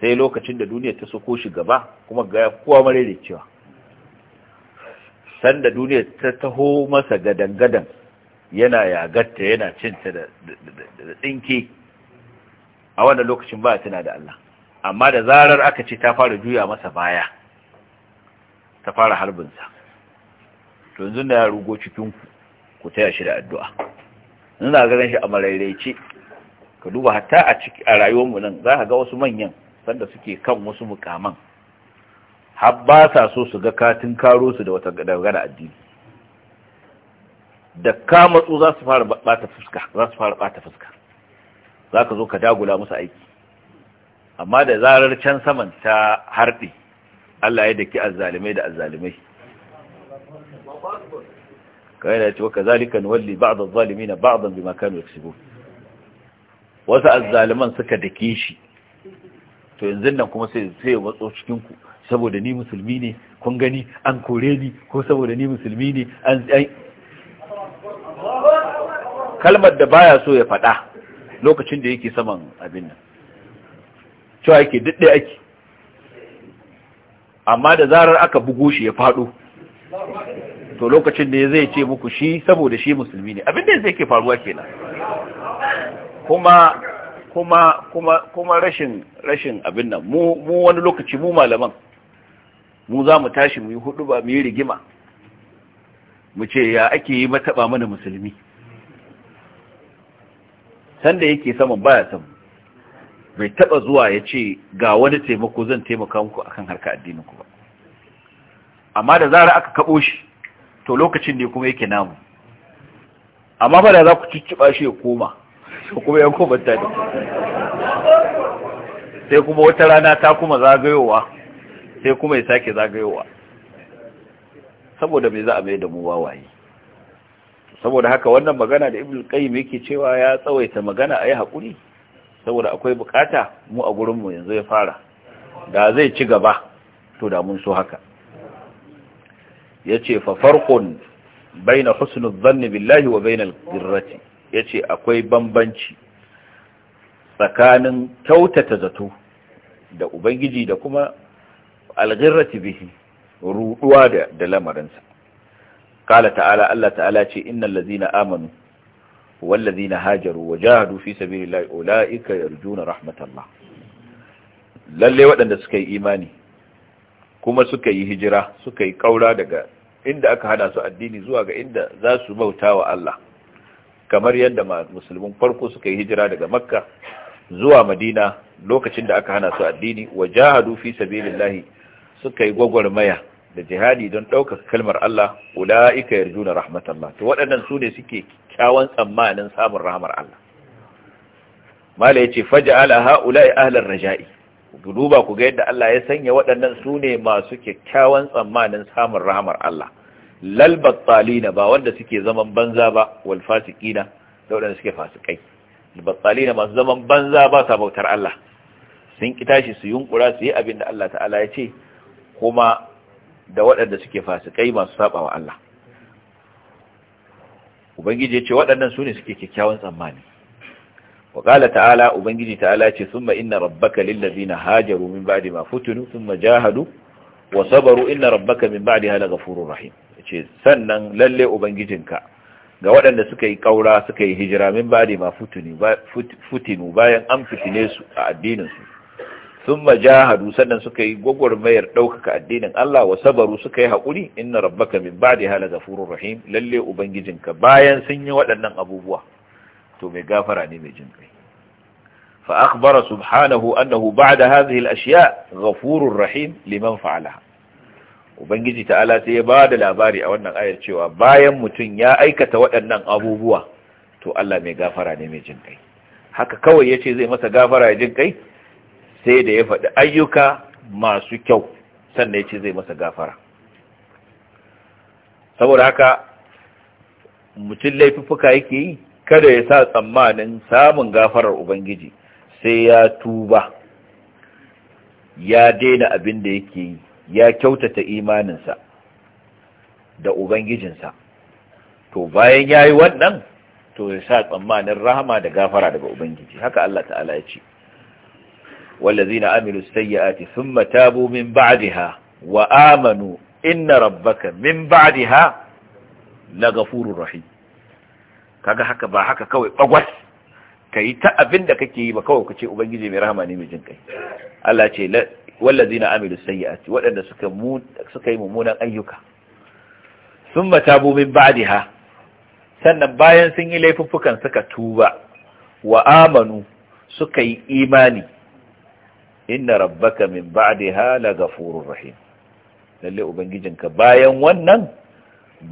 sai lokacin da duniya ta soko shi gaba kuma ga kowa marere cewa San da duniya ta taho masa gadangadan gadan yana yagatta yana cinta da tsinke a wannan lokacin ba tana da Allah amma da zarar aka ce ta fara juya masa baya ta fara harbinsa to yanzu da ya rugo cikinku ku taya shi da addu'a nuna ganin shi a maraireci ka duba hatta a rayuwarmu nan za ka ga wasu manyan sanda suke kan wasu mukaman har ba sa so su ga katin karo su da wata daga addini da ka matsu za su fara bata fuska za su fara bata fuska za ka zo ka dagula musu aiki amma da zarar can saman ta harɗi Allah ya daki azzalimai da azzalimai kai da ce waka zalika zalimi na az-zalimin ba'dan bima kanu yaksubun wasu azzaliman suka dake shi to yanzu nan kuma sai sai ya matso cikin ku saboda ni musulmi ne kun gani an kore ni ko saboda ni musulmi ne an kalmar da baya so ya faɗa lokacin da yake saman abin nan cewa yake duk ɗaya ake amma da zarar aka bugu shi ya faɗo to lokacin da ya zai ce muku shi saboda shi musulmi ne abinda da zai ke faruwa kenan kuma kuma kuma kuma rashin rashin abin nan mu wani lokaci mu malaman mu za mu tashi mu yi hudu ba mu yi rigima mu ce ya ake yi mataba mana musulmi sanda yake saman baya saman bai taba zuwa ya ce ga wani taimako zan taimaka muku akan harka addininku ba amma da zara aka kabo shi to lokacin ne kuma yake namu amma fa da za ku cicciba shi ya koma kuma ya koma ta da sai kuma wata rana ta kuma zagayowa sai kuma ya sake zagayowa saboda me za a mai da mu wawaye saboda haka wannan magana da ibn qayyim yake cewa ya tsawaita magana ayi hakuri saboda akwai bukata mu a gurinmu yanzu ya fara da zai ci gaba to da mun so haka Ya ce fa bai baina husnu zanni billahi wa baina girrati Ya ce akwai bambanci tsakanin kyautata zato da ubangiji da kuma algirrati bihi ruduwa da, lamarinsa Kala ta'ala Allah ta'ala ce inna lazina, amanu والذين هاجروا وجاهدوا في سبيل الله أولئك يرجون رحمة الله lalle waɗanda suka yi imani kuma suka yi hijira suka yi ƙaura daga inda aka hana su addini zuwa ga inda za su bauta wa Allah kamar yadda musulmin farko suka yi hijira daga makka zuwa madina lokacin da aka hana su addini wa jahadu fi suka yi gwagwarmaya da jihadi don ɗaukaka kalmar Allah ula'ika yarjuna rahmatallah to waɗannan su ne suke kyakkyawan tsammanin samun rahmar Allah mala yace faj'ala haula'i ahlar raja'i duba ku ga yadda Allah ya sanya waɗannan su ne masu kyakkyawan tsammanin samun rahmar Allah lal battalina ba wanda suke zaman banza ba wal fasikina, da waɗanda suke fasikai battalina masu zaman banza ba sa bautar Allah sun ki tashi su yunkura su yi abin da Allah ta'ala ya ce kuma da waɗanda suke fasikai masu saba wa Allah ubangiji ya ce waɗannan su suke kyakkyawan tsammani wa ƙala ta'ala ubangiji ta'ala ce sun ma inna rabbaka na hajaru min ba'di ma futunu sun ma jahadu wa sabaru inna rabbaka min ba'di hala ghafurur rahim ce sannan lalle ubangijinka ga waɗanda suka yi ƙaura suka yi hijira min ba'di ma futunu futinu bayan an fitine su a addinin su sun majahadu sannan suka yi gwagwarmayar ɗaukaka addinin Allah wa sabaru suka yi haƙuri inna rabbaka min ba da hala gafurur rahim lalle ubangijinka bayan sun yi waɗannan abubuwa to mai gafara ne mai jin kai fa akhbara subhanahu annahu ba'da hadhihi al-ashya ghafurur rahim liman fa'alaha ubangiji ta'ala sai ya bada labari a wannan ayar cewa bayan mutum ya aikata waɗannan abubuwa to Allah mai gafara ne mai jin kai haka kawai yace zai masa gafara ya jin kai sai da ya faɗi ayyuka masu kyau sannan ya ce zai masa gafara saboda haka mutum laifuffuka yake yi kada ya sa tsammanin samun gafarar ubangiji sai ya tuba ya daina abin da yake yi ya kyautata imaninsa da ubangijinsa to bayan ya yi wannan to ya sa tsammanin rahama da gafara daga ubangiji haka Allah ta'ala ya ce والذين عملوا السيئات ثم تابوا من بعدها وآمنوا إن ربك من بعدها لغفور رحيم kaga haka ba haka kawai bagwas kai ta abin da kake yi ba kawai kace ubangiji mai rahama ne mai jin kai Allah ce wallazina amilu sayyi'ati waɗanda suka mu suka yi mummunan ayyuka thumma tabu min ba'daha sannan bayan sun yi laifuffukan suka tuba wa amanu suka yi imani inna rabbaka min ba'daha lagafurur rahim lalle ubangijinka bayan wannan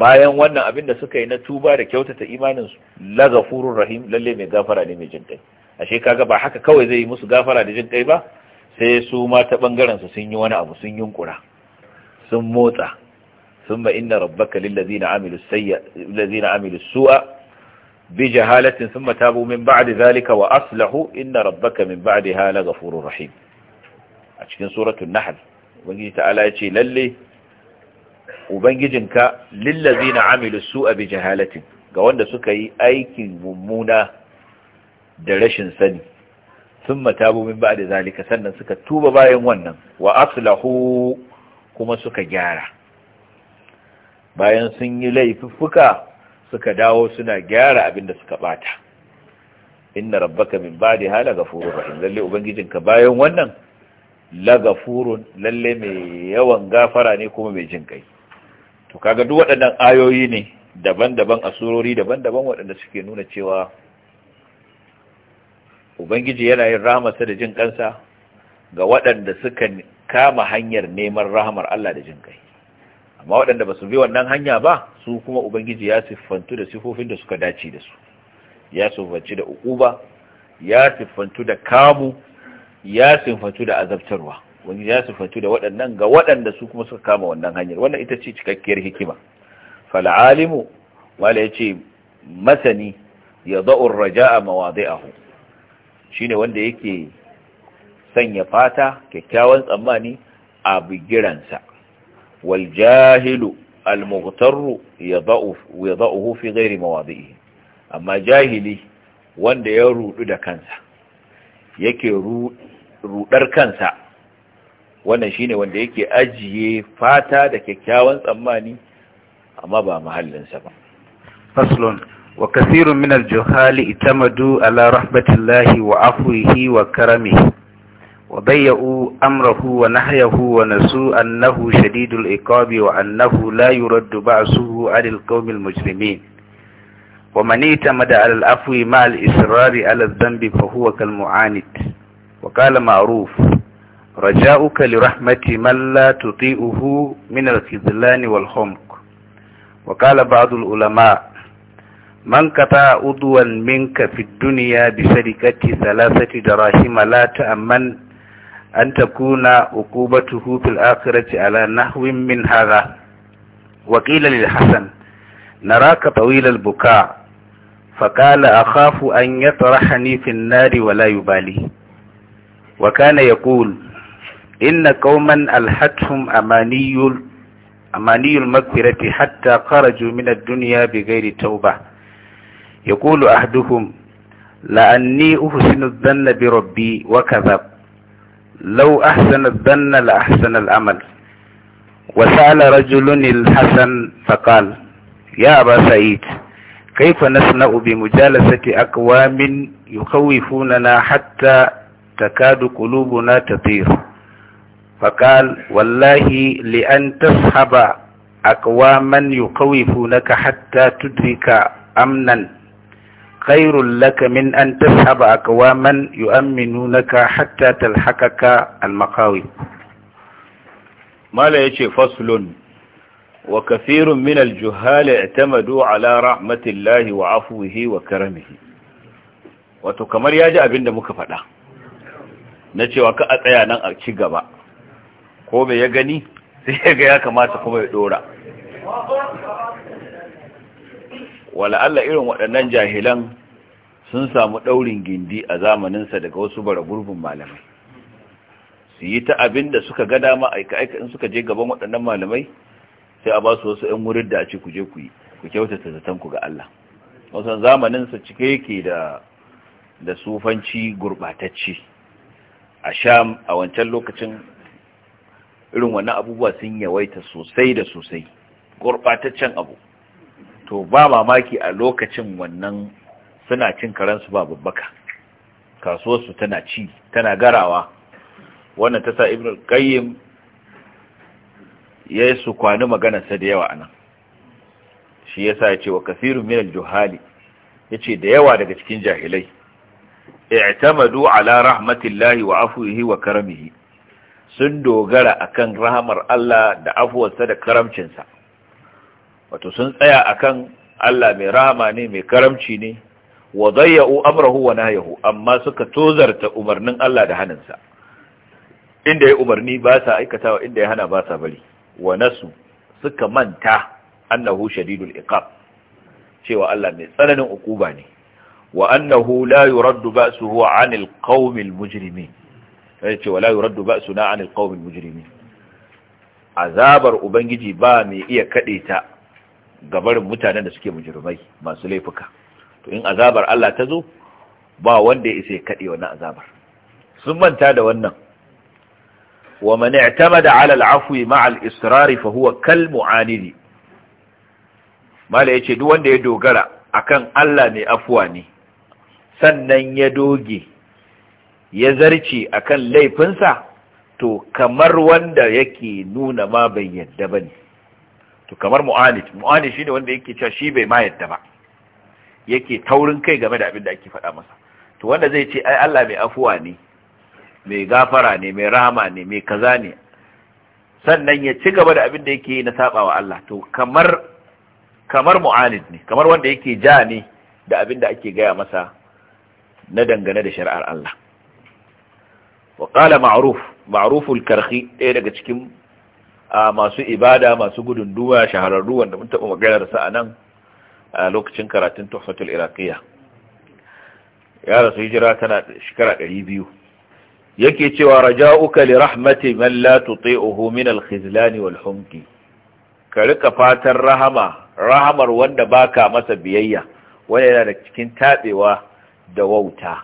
bayan wannan abinda suka yi na tuba da kyautata imanin su lagafurur rahim lalle mai gafara ne mai jin kai ashe kaga ba haka kawai zai yi musu gafara da jin kai ba sai su ma ta bangaren su sun yi wani abu sun yunkura sun motsa ثم إن ربك للذين عملوا السيء الذين عملوا السوء بجهالة ثم تابوا من بعد ذلك وأصلحوا إن ربك من بعدها لغفور رحيم a cikin suratun Nahal, ubangiji ta'ala ya ce lalle ubangijinka na amilu su bi jahalatin ga wanda suka yi aikin mummuna da rashin sani sun matabu min ba da zalika sannan suka tuba bayan wannan wa aslahu kuma suka gyara bayan sun yi laifuffuka suka dawo suna gyara abin da suka bata inna rabbaka min ba da hala ba in lalle ubangijinka bayan wannan lagafurun lalle mai yawan gafara ne kuma mai jin kai to kaga duk waɗannan ayoyi ne daban-daban a surori daban-daban waɗanda suke nuna cewa ubangiji yana yin rahamarsa da jin kansa ga waɗanda suka kama hanyar neman rahamar Allah da jin kai amma waɗanda ba su bi wannan hanya ba su kuma ubangiji ya siffantu da sifofin da suka dace da su ya siffanci da uku ba, ya siffantu da kamu ya sifatu da azabtarwa wani ya sifatu da waɗannan ga waɗanda su kuma suka kama wannan hanyar wannan ita ce cikakkiyar hikima fal'alimu wala ya ce masani ya za'ur raja'a Shi shine wanda yake sanya fata kyakkyawan tsammani a bigiransa wal jahilu al mughtarru ya za'uhu fi ghairi mawazi'ihi amma jahili wanda ya rudu da kansa yake rudar kansa wannan shine wanda yake ajiye fata da kyakkyawan tsammani amma ba mahallinsa ba faslun wa kasirun min al itamadu ala rahmatillahi wa afwihi wa karami wa bayya'u amrahu wa nahyahu wa nasu annahu shadidul iqabi wa annahu la yuraddu ba'suhu 'ala al-qawmi mujrimin ومن اعتمد على العفو مع الإصرار على الذنب فهو كالمعاند وقال معروف رجاؤك لرحمة من لا تطيئه من الخذلان والخمق وقال بعض العلماء من قطع عضوا منك في الدنيا بشركة ثلاثة دراهم لا تأمن أن تكون عقوبته في الآخرة على نحو من هذا وقيل للحسن نراك طويل البكاء فقال أخاف أن يطرحني في النار ولا يبالي وكان يقول إن قوما ألحتهم أماني أماني المغفرة حتى خرجوا من الدنيا بغير توبة يقول أحدهم لأني أحسن الظن بربي وكذب لو أحسن الظن لأحسن العمل وسأل رجل الحسن فقال يا أبا سعيد كيف نصنع بمجالسة أقوام يخوفوننا حتى تكاد قلوبنا تطير فقال والله لأن تصحب أقواما يخوفونك حتى تدرك أمنا خير لك من أن تصحب أقواما يؤمنونك حتى تلحقك المقاوي ما لا يشي فصل wa kafirun min اعتمدوا على ala rahmatillahi wa وكرمه wato kamar ya ji abin da muka faɗa na cewa ka a tsaya nan a ci gaba ko mai ya gani sai ya ga ya kamata kuma ya ɗora. Wala'alla irin waɗannan jahilan sun samu ɗaurin gindi a zamaninsa daga wasu bara gurbin malamai su yi ta abin da suka ga dama aika-aika in suka je gaban waɗannan malamai sai a ba su wasu ‘yan wurin da a ce ku je ku yi ku kyautata zaton ku ga Allah wasan zamaninsa cike yake da da sufanci gurɓatacce a sham a wancan lokacin irin wannan abubuwa sun yawaita sosai da sosai gurɓataccen abu to ba mamaki a lokacin wannan suna cin karansu ba babbaka kasuwarsu tana ci tana garawa wannan ta sa ibn qayyim ya yi su kwani maganarsa da yawa nan? shi ya sa ya ce wa kasiru minal juhali ya ce da yawa daga cikin jahilai i'tamadu ala rahmatillahi wa afuhi wa karamihi sun dogara akan rahamar Allah da afuwarsa da karamcinsa wato sun tsaya akan Allah mai rahama ne mai karamci ne wa dayya'u amrahu wa nahyahu amma suka tozarta umarnin Allah da hannunsa inda ya umarni ba sa aikatawa inda ya hana ba sa bari wa nasu suka manta annahu shadidul iqab cewa Allah mai tsananin ukuba ne wa annahu la yuraddu ba'suhu 'anil mujrimin la yuraddu ba'suna 'anil qaumil mujrimin azabar ubangiji ba mai iya kaɗeta gabarin mutanen da suke mujrimai masu laifuka to in azabar Allah ta zo ba wanda ya isa ya kade wannan azabar sun manta da wannan wa atama da 'ala al-'afwi ma'a al-israr kal mu'anidi mala yace duk wanda ya dogara akan Allah ne afuwa ne sannan ya doge ya zarce akan laifinsa to kamar wanda yake nuna ma bai yadda ne. to kamar mu'anid mu'anid shine wanda yake cewa shi bai ma yadda ba yake taurin kai game da abin da ake faɗa masa to wanda zai ce ai Allah mai afuwa ne mai gafara ne mai rahama ne mai kaza ne sannan ya ci gaba da abin da yake na saba wa Allah to kamar kamar mu'anid ne kamar wanda yake ja ne da abin da ake gaya masa na dangane da shari'ar Allah wa qala ma'ruf ma'ruful karhi ɗaya daga cikin masu ibada masu gudun duwa shahararru wanda mun taɓa magana da anan a lokacin karatun tuhfatul iraqiyya ya rasu hijira tana shekara 200 yake cewa raja'uka li rahmati man la tuti'uhu min al-khizlan wal humki ka rika fatan rahama rahamar wanda baka masa biyayya wanda yana da cikin tabewa da wauta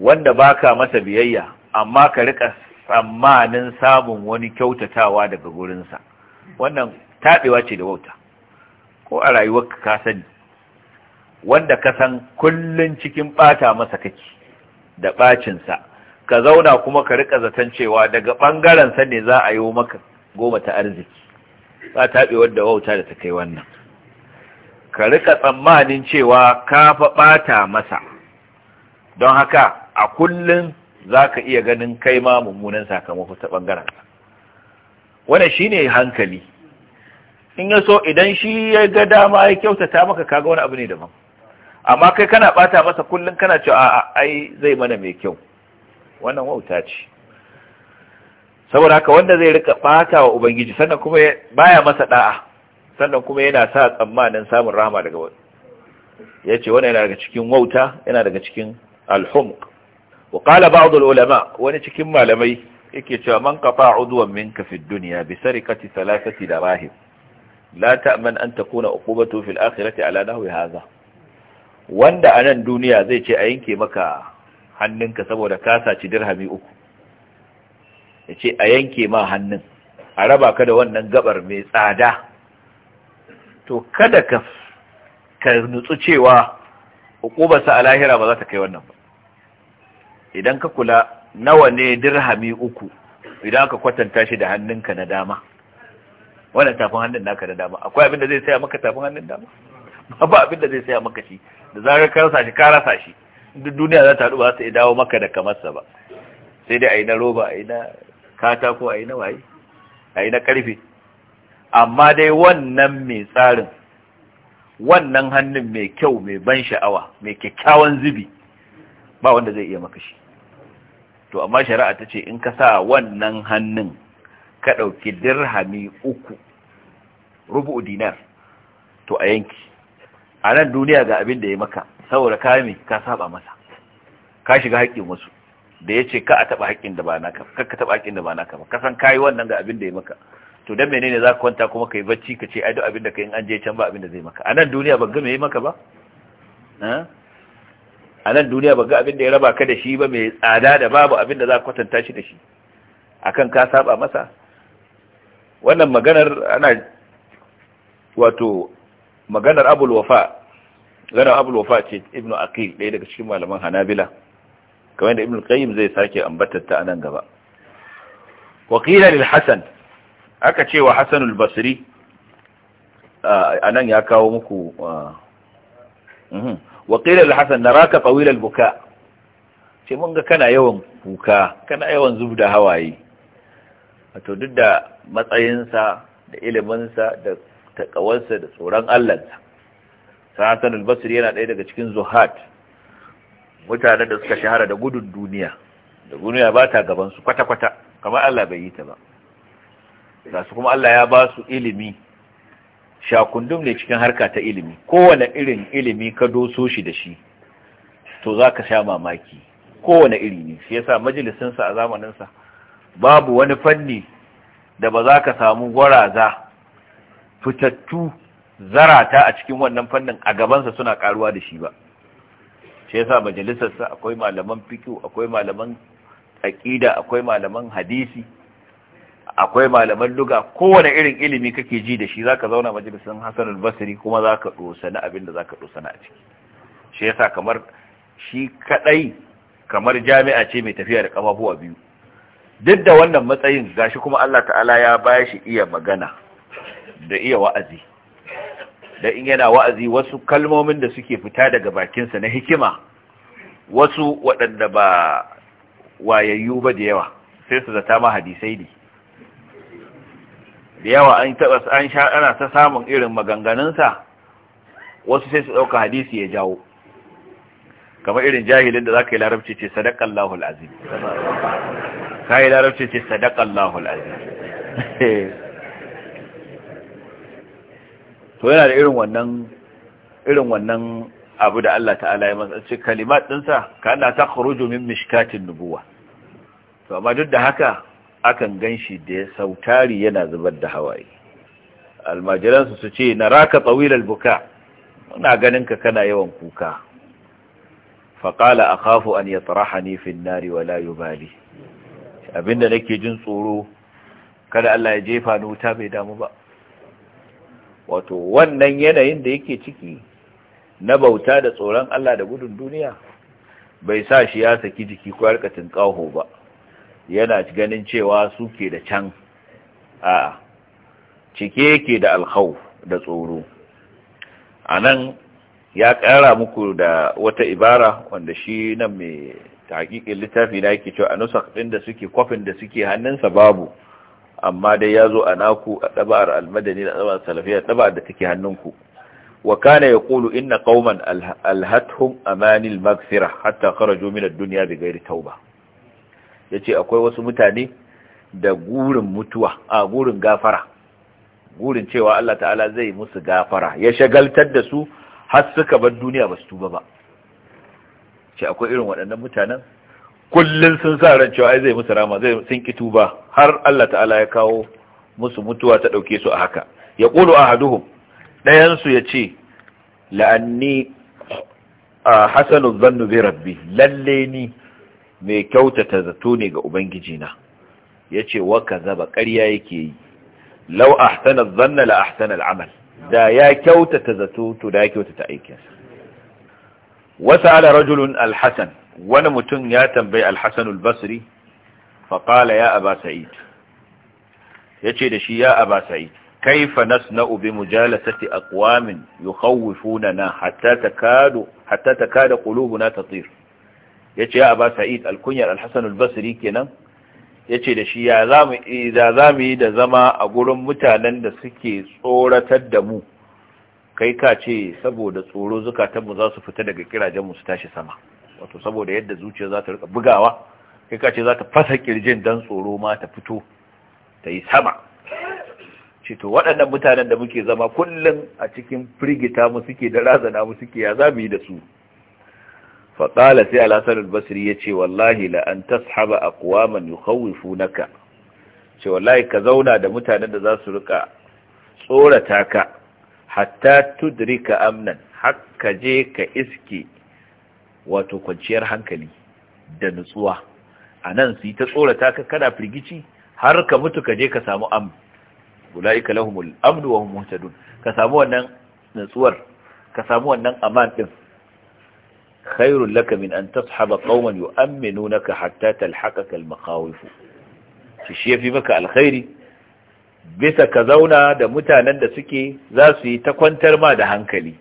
wanda baka masa biyayya amma ka rika tsammanin samun wani kyautatawa daga gurinsa wannan tabewa ce da wauta ko a rayuwarka ka sani wanda ka san kullun cikin bata masa kake da ɓacinsa. ka zauna kuma ka rika zaton cewa daga bangaren sa ne za a yi maka goma ta arziki ba bi wadda wauta da ta kai wannan ka rika tsammanin cewa ka fa ɓata masa don haka a kullum za ka iya ganin kai ma mummunan sakamako ta ɓangaren wannan shine hankali in ya so idan shi ya ga dama ya kyautata maka kaga wani abu ne daban amma kai kana bata masa kullum kana cewa a'a ai zai mana mai kyau wannan wauta ce saboda haka wanda zai rika bata wa ubangiji sannan kuma baya masa da'a sannan kuma yana sa tsammanin samun rahama daga wani ce, wani yana daga cikin wauta yana daga cikin al wa qala ba'd ulama wani cikin malamai yake cewa man kafa udwan minka fi ad-dunya bi sarikati thalathati darahim la ta'man an takuna uqubatu fil akhirati ala nahwi hadha wanda anan duniya zai ce a yanke maka hannunka saboda ka saci dirhami uku ya ce a yanke ma hannun a raba ka da wannan gabar mai tsada to kada ka ka nutsu cewa hukubarsa a lahira ba za ta kai wannan ba idan ka kula nawa ne dirhami uku idan ka kwatanta shi da hannunka na dama wannan tafin hannun naka na dama akwai abin da zai saya maka tafin hannun dama Ba abin da zai saya maka shi da zarar ka rasa shi ka rasa shi duk duniya za ta haɗu ba za ta dawo maka da kamarsa ba sai dai a yi na roba a yi na katako a yi na waye a yi na ƙarfe amma dai wannan mai tsarin wannan hannun mai kyau mai ban sha'awa mai kyakkyawan zubi ba wanda zai iya maka shi to amma shari'a ta ce in ka sa wannan hannun ka ɗauki dirhami uku rubu dinar to a yanki a nan duniya ga abin da ya maka saboda ka ka saba masa ka shiga haƙƙin wasu da ya ce ka a taɓa haƙƙin da ba naka ka ka taɓa haƙƙin da ba naka ba ka kayi wannan ga abin da ya maka to dan menene za ka kwanta kuma kai bacci ka ce ai duk abin da kai in an je can ba abin da zai maka a nan duniya ban ga me ya maka ba a nan duniya ba ga abin da ya raba ka da shi ba mai tsada da babu abin da za ka kwatanta shi da shi akan ka saba masa wannan maganar ana wato maganar abul wafa gana abu lofa ce ibnu aqil ɗaya daga cikin malaman hanabila kamar da ibnu qayyim zai sake ambatar ta anan gaba wa qila lil hasan aka ce wa hasan al basri anan ya kawo muku mhm. wa qila lil hasan naraka tawil al buka ce mun ga kana yawan kuka kana yawan zubda hawaye wato duk da matsayinsa da iliminsa da takawarsa da tsoron Allahnsa sa'atan al-basri yana ɗaya daga cikin zuhat mutanen da suka shahara da gudun duniya da duniya ba ta gaban su kwata-kwata kamar Allah bai yi ta ba ga su kuma Allah ya ba su ilimi shakundum ne cikin harka ta ilimi kowane irin ilimi ka doso shi da shi to za ka sha mamaki kowane iri ne shi yasa majalisinsa a zamaninsa babu wani fanni da ba za ka samu gwaraza fitattu zarata a cikin wannan fannin a gabansa suna karuwa da shi ba shi yasa sa akwai malaman fikihu akwai malaman aqida akwai malaman hadisi akwai malaman luga kowane irin ilimi kake ji da shi zaka zauna majalisin Hassan al-Basri kuma zaka dosana abin da zaka dosana a ciki shi yasa kamar shi kadai kamar jami'a ce mai tafiya da kafafuwa biyu duk da wannan matsayin gashi kuma Allah ta'ala ya shi iya magana da iya wa'azi da in yana wa'azi wasu kalmomin da suke fita daga bakinsa na hikima wasu waɗanda ba wayayyu ba da yawa sai su zata ma hadisai ne da yawa an taɓa an sha ana ta samun irin maganganunsa wasu sai su ɗauka hadisi ya jawo kamar irin jahilin da za ka yi larabci ce sadaƙan lahul azim ka yi larabci ce sadaƙan lahul azim to yana da irin wannan irin wannan abu da Allah ta'ala ya masa ce kalimat dinsa kana ta khuruju min mishkatin nubuwa to amma duk da haka akan ganshi da sautari yana zubar da hawaye almajiran su ce naraka tawil albuka ina ganin ka kana yawan kuka faqala akhafu an yatrahani fi an-nar wa la yubali abinda nake jin tsoro kada Allah ya jefa ni wuta bai damu ba wato wannan yanayin da yake ciki na bauta da tsoron Allah da gudun duniya bai sa shi ya saki jiki ko harkatin kaho ba yana ganin cewa suke da can a cike yake da alkhawf da tsoro anan ya ƙara muku da wata ibara wanda shi nan mai hakikin littafi na yake cewa a nusa ɗin da suke kwafin da suke hannunsa babu amma dai ya zo a naku a ɗaba'ar almadani da ɗaba'ar salafiya ɗaba'ar da take hannunku wa kana ya ƙulu inna ƙauman alhathum amanil maghfira hatta kharaju min duniya dunya bi ghairi tauba yace akwai wasu mutane da gurin mutuwa a gurin gafara gurin cewa Allah ta'ala zai musu gafara ya shagaltar da su har suka bar duniya ba su tuba ba ce akwai irin waɗannan mutanen kullum sun sa ran cewa ai zai musu rama zai sun ki ba har Allah ta'ala ya kawo musu mutuwa ta ɗauke su a haka ya a haduhu. Ɗayansu su yace la'anni hasanu dhannu bi rabbi lalle ni mai kyautata zato ne ga ubangiji na yace wa kazaba ƙarya yake yi law ahsana dhanna la ahsana Amal. da ya kyautata zato to da ya kyautata aikinsa wasa ala rajulun al wani mutum ya tambayi Alhassan hasan faƙala ya aba sa'id ya ce da shi ya aba sa'id kaifa nasna'u bi mujalasati aqwamin yukhawifunana hatta takadu hatta takada qulubuna tatir yace ya aba sa'id al-kunyar al-hasan al-basri kenan yace da shi ya za mu yi da zama a gurin mutanen da suke tsoratar da mu kai ka ce saboda tsoro zukatanmu za su fita daga kirajenmu su tashi sama wato saboda yadda zuciya za ta rika bugawa kai ka ce za ta fasa kirjin dan tsoro ma ta fito ta yi sama ce to waɗannan mutanen da muke zama kullum a cikin firgita mu suke da razana mu suke ya za mu yi da su faƙala sai alhassan albasiri ya ce wallahi la an tashaba aqwaman yukhawifunaka ce wallahi ka zauna da mutanen da za su rika tsorata ka hatta tudrika amnan hakka je ka iske wato kwanciyar hankali da nutsuwa a nan su yi ta tsorata ka kana firgici har ka mutu ka je ka samu am ulaika lahumul amnu wa muhtadun ka samu wannan nutsuwar ka samu wannan aman din khairul laka min an tashaba qauman yu'minunaka hatta talhaqaka al makhawif shi yafi maka alkhairi bisa ka zauna da mutanen da suke za su yi ta kwantar ma da hankali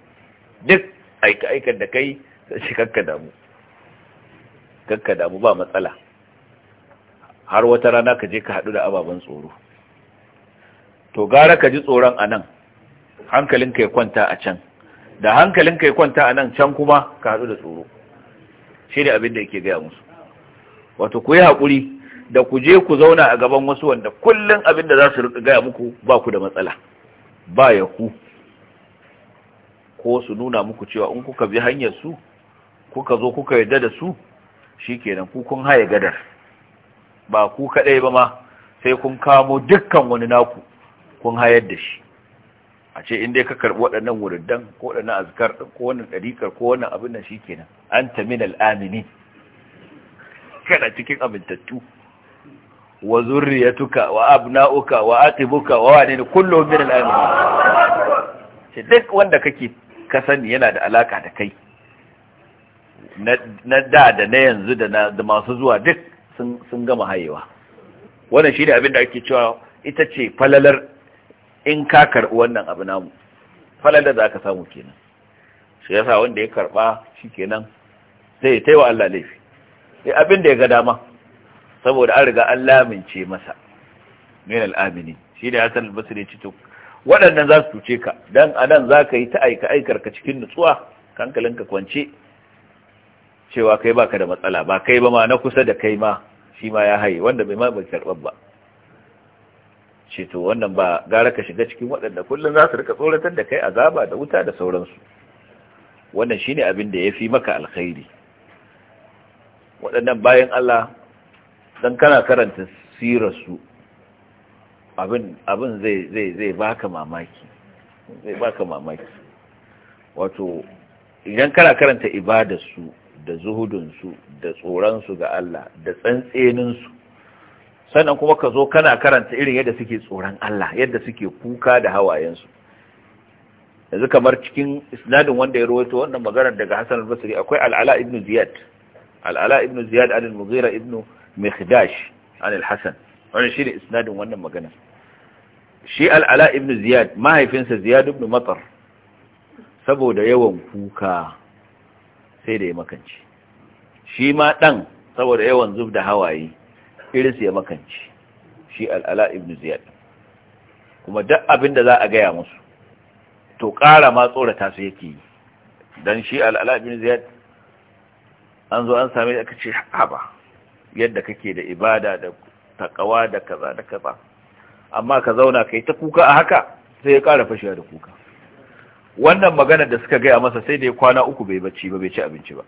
duk aika aikan da kai sai kakka damu kakka damu ba matsala har wata rana ka je ka haɗu da ababen tsoro to gara ka ji tsoron a nan hankalinka ya kwanta a can da hankalinka ya kwanta a nan can kuma ka haɗu da tsoro shi ne abin da yake gaya musu wato ku yi haƙuri da ku je ku zauna a gaban wasu wanda kullum abin da za su gaya muku ba ku da matsala ba ya ku ko su nuna muku cewa in kuka bi hanyar su kuka zo kuka yarda da su shikenan ku kun haye gadar ba ku kaɗai ba ma sai kun kamo dukkan wani naku kun hayar da shi a ce in dai ka karbi waɗannan wuridan ko waɗannan azkar ko wannan ɗarikar, ko wannan abin nan kenan. an ta min al'amini kana cikin amintattu wa zurriyatuka wa abna'uka wa aqibuka wa wani ne kullum min al'amini shi duk wanda kake ka sani yana da alaka da kai na da da na yanzu da masu zuwa duk sun gama hayewa wannan shi ne abin da ake cewa ita ce falalar in ka karɓi wannan abu namu falalar da aka samu kenan shi yasa wanda ya karɓa shi kenan zai ta yi wa Allah laifi sai abin da ya ga dama saboda an riga an lamince masa min al'amini shi ne hasan albasiri ce tuk waɗannan za su tuce ka Dan a nan za ka yi ta aika aikar ka cikin nutsuwa kankalinka kwance cewa kai baka da matsala ba kai ba ma na kusa da kai ma shi ma ya haye wanda bai ma bai karɓar ba ce to wannan ba gara ka shiga cikin waɗanda kullum za su rika tsoratar da kai azaba da wuta da sauransu wannan shi ne abin da ya fi maka alkhairi waɗannan bayan Allah dan kana karanta sirarsu abin abin zai zai zai baka mamaki zai baka mamaki wato idan kana karanta ibadarsu da zuhudunsu da tsoronsu ga Allah da tsantseninsu sannan kuma ka zo kana karanta irin yadda suke tsoron Allah yadda suke kuka da hawayensu yanzu kamar cikin isnadin wanda ya rawaito wannan maganar daga Hassan al-Basri akwai Al-Ala ibn Ziyad Al-Ala ibn Ziyad an al-Mughira ibn Mikhdash an al-Hasan wannan shine isnadin wannan magana shi Al-Ala ibn Ziyad mahaifinsa Ziyad ibn Matar saboda yawan kuka sai da ya makanci shi ma ɗan saboda yawan zub da hawaye iris ya makanci shi al'ala ibn ziyad kuma duk abin da za a gaya musu to ƙara ma tsorata su yake yi don shi al'ala ibn ziyad an zo an sami aka ce haɓa yadda kake da ibada da takawa da kaza da kaza amma ka zauna yi ta kuka a haka sai ya ƙara fashewa da kuka wannan magana da suka gaya masa sai da ya kwana uku bai bacci ba bai ci abinci ba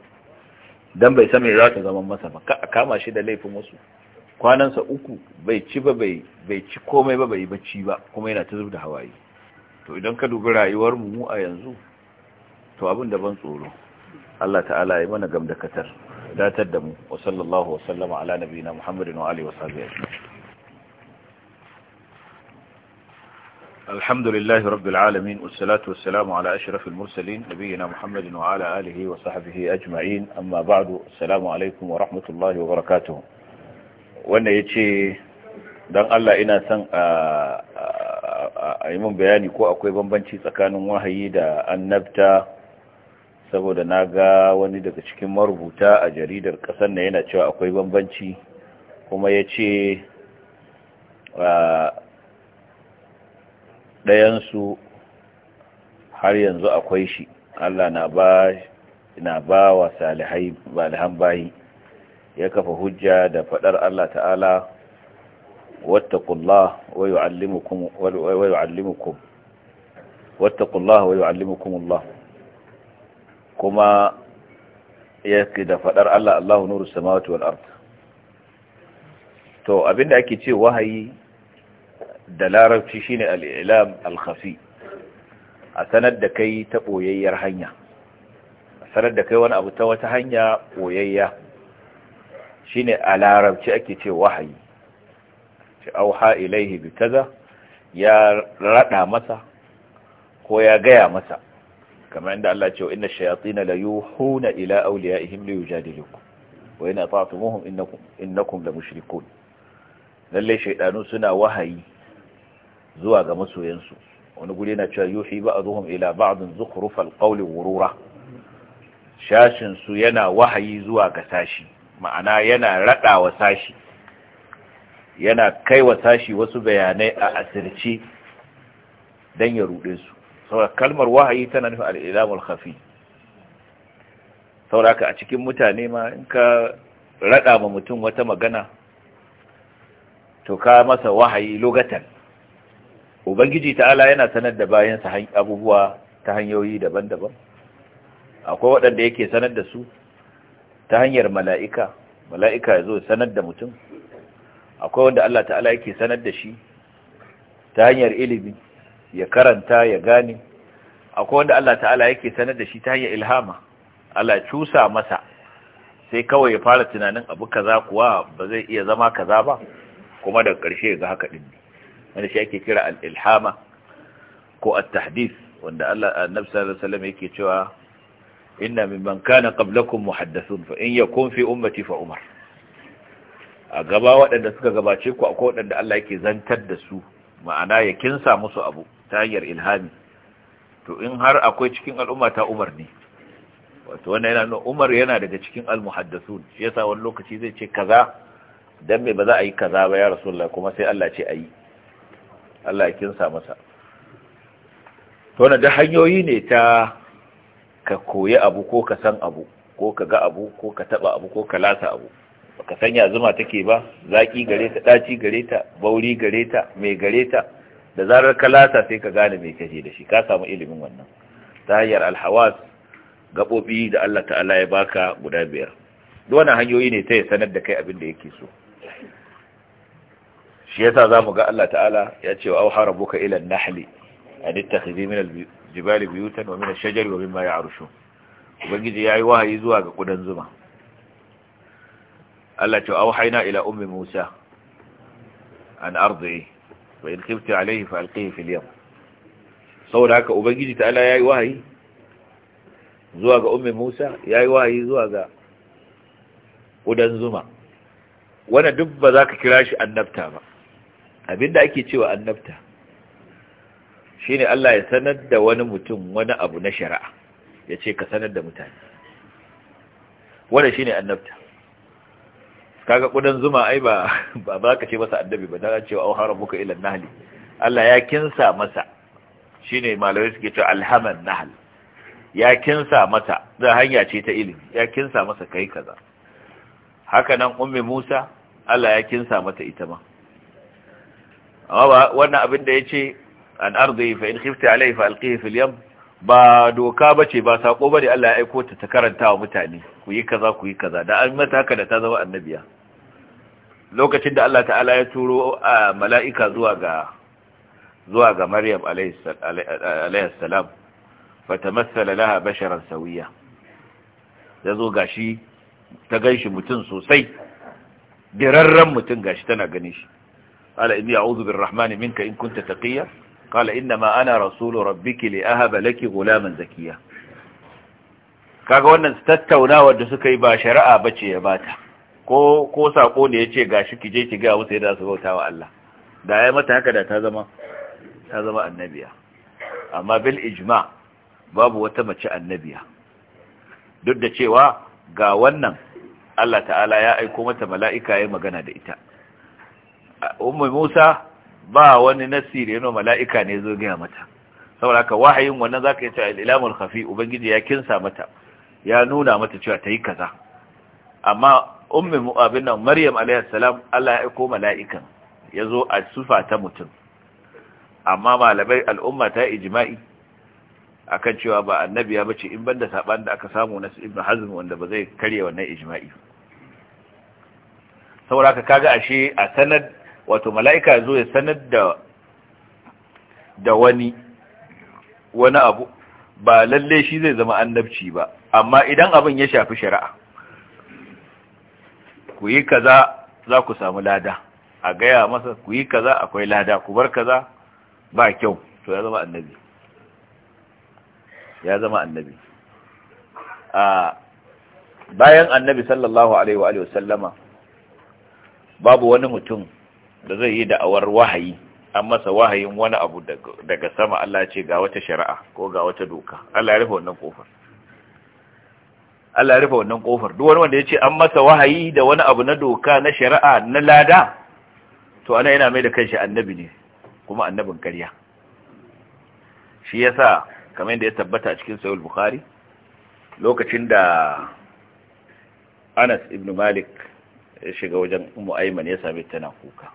dan bai sa za ta zama masa ba ka kama shi da laifin wasu kwanansa uku bai ci ba bai ci komai ba bai bacci ba kuma yana ta zubda hawaye to idan ka dubi rayuwar mu a yanzu to abin da ban tsoro Allah ta'ala ya mana gamdakatar datar da mu wa sallallahu wa sallama ala nabiyina Muhammadin wa alihi wa sahbihi الحمد لله رب العالمين والصلاة والسلام على أشرف المرسلين نبينا محمد وعلى آله وصحبه أجمعين أما بعد السلام عليكم ورحمة الله وبركاته وأن يتشي دان الله إنا سن أيمن بياني كو أكوي بمبانشي سكان وحي دا النبتة saboda na ga wani daga cikin marubuta a jaridar ƙasar na yana cewa akwai bambanci kuma ya ce ɗayansu har yanzu akwai shi Allah na ba na ba wa salihai bayi ya kafa hujja da faɗar Allah ta'ala wattaqullah wa yu'allimukum wa yu'allimukum wattaqullah wa yu'allimukum Allah kuma yake da faɗar Allah Allahu nuru samawati wal ard to abinda ake ce wahayi da larabci shine al'ilam al-khafi a sanar da kai ta ɓoyayyar hanya a sanar da kai wani abu ta wata hanya boyayya shine a larabci ake ce wahayi ce auha ilaihi bi ya rada masa ko ya gaya masa kamar inda Allah ce inna shayatin la yuhuna ila awliyaihim li yujadilukum wa in ata'tumuhum innakum innakum la mushrikun lalle shaydanu suna wahayi zuwa ga masoyansu wani guri na cewa yuhi zuhun ila ba'dhin zukhrufal qawli wurura shashin su yana wahayi zuwa ga sashi ma'ana yana rada wa sashi yana kai wa sashi wasu bayanai a asirci dan ya rude su saboda kalmar wahayi tana nufin al-ilamul khafi a cikin mutane ma in ka raɗa ma mutum wata magana to ka masa wahayi logatan ubangiji ta'ala yana sanar da bayansa abubuwa ta hanyoyi daban-daban akwai waɗanda yake sanar da su ta hanyar mala'ika mala'ika ya zo sanar da mutum akwai wanda Allah ta'ala yake sanar da shi ta hanyar ilimi ya karanta ya gane akwai wanda Allah ta'ala yake sanar da shi ta hanyar ilhama Allah cusa masa sai kawai ya fara tunanin abu kaza kuwa ba zai iya zama kaza ba kuma daga ƙarshe ga haka ɗin ne wanda shi ake kira al-ilhama ko at tahdis wanda Allah annabi sallallahu yake cewa inna mimman kana qablakum muhaddathun fa in ya fi ummati fa umar a gaba waɗanda suka gabace ku akwai waɗanda Allah yake zantar da su ma'ana ya kinsa musu abu ta hanyar ilhami to in har akwai cikin al'umma ta umar ne wato wannan yana nuna umar yana daga cikin al-muhaddathun shi yasa wani lokaci zai ce kaza dan me ba za a yi kaza ba ya rasulullah kuma sai Allah ce a yi. Allah ya kinsa masa to da hanyoyi ne ta ka koyi abu ko ka san abu ko ka ga abu ko ka taba abu ko ka lasa abu baka ya zuma take ba zaki gare ta daci gare ta bauri gare ta mai gare ta da zarar ka lasa sai ka gane mai kaje da shi ka samu ilimin wannan ta hanyar alhawas gabobi da Allah ta'ala ya baka guda biyar duk hanyoyi ne ta ya sanar da kai abin da yake so shi ya sa za mu ga Allah ta'ala ya ce wa auha ka ila an a ditta ittakhidhi min al-jibali buyutan wa min ash-shajari wa mimma ya'rushun ubangiji yayi wahayi zuwa ga kudan zuma Allah ce auhayna ila ummi Musa an ardi wa in kifta alayhi fa alqihi fil yam saboda haka ubangiji ta'ala ya yi wahayi zuwa ga ummi Musa ya yi wahayi zuwa ga kudan zuma Wani duk ba za ka kira shi annabta ba abinda ake cewa annabta shine Allah ya sanar da wani mutum wani abu na shari'a ya ce ka sanar da mutane wannan shine annabta kaga kudan zuma ai ba ba za ka ce masa addabi ba dan cewa au harabuka ila nahli Allah ya kinsa masa shine malamai suke cewa alhaman nahl ya kinsa mata da hanya ce ta ilimi ya kinsa masa kai kaza haka nan ummi Musa Allah ya kinsa mata ita ma amma ba wannan abin da ya ce an arzi fa in khifta alai fa alqihi yam ba doka bace ba sako bane Allah ya aiko ta ta karanta wa mutane ku yi kaza ku yi kaza da an mata haka da ta zama annabiya lokacin da Allah ta'ala ya turo mala'ika zuwa ga zuwa ga Maryam alayhi salam fatamassala laha basharan sawiya gashi ta ganshi mutun sosai dirarran mutun gashi tana ganin shi قال إني أعوذ بالرحمن منك إن كنت تقيا قال إنما أنا رسول ربك لأهب لك غلاما زكيا kaga wannan tattaunawar da suka yi ba shari'a bace ya bata ko ko sako ne yace gashi kije ki ga wuce da su bautawa Allah da ya mata haka da ta zama ta zama annabiya amma bil ijma babu wata mace annabiya duk da cewa ga wannan Allah ta'ala ya aika mata mala'ika ya magana da ita ummu Musa ba wani nasiri yana mala'ika ne zo gaya mata saboda haka wahayin wannan zaka yace al-ilamul khafi ubangiji ya kinsa mata ya nuna mata cewa tayi kaza amma ummu mu'abin nan maryam alayhi salam Allah ya aika mala'ikan yazo a sufa ta mutum amma malabai al'umma ta ijma'i akan cewa ba annabi annabiya bace in banda saban da aka samu na Ibn Hazm wanda ba zai karye wannan ijma'i saboda ka kaga ashe a sanad wato mala'ika zo ya sanar da da wani wani abu ba lalle shi zai zama annabci ba amma idan abin ya shafi shari'a ku yi kaza za ku samu lada a gaya masa ku yi kaza akwai lada ku bar kaza ba kyau to ya zama annabi ya zama annabi a bayan annabi sallallahu alaihi wa sallama babu wani mutum da zai yi da'awar wahayi an masa wahayin wani abu daga sama Allah ce ga wata shari'a ko ga wata doka Allah ya rufe wannan kofar Allah ya rufe wannan kofar duk wani wanda ya ce an masa wahayi da wani abu na doka na shari'a na lada to ana yana mai da kanshi annabi ne kuma annabin ƙarya shi yasa kamar da ya tabbata a cikin sahih bukhari lokacin da Anas ibn Malik ya shiga wajen Ummu Aiman ya same ta na kuka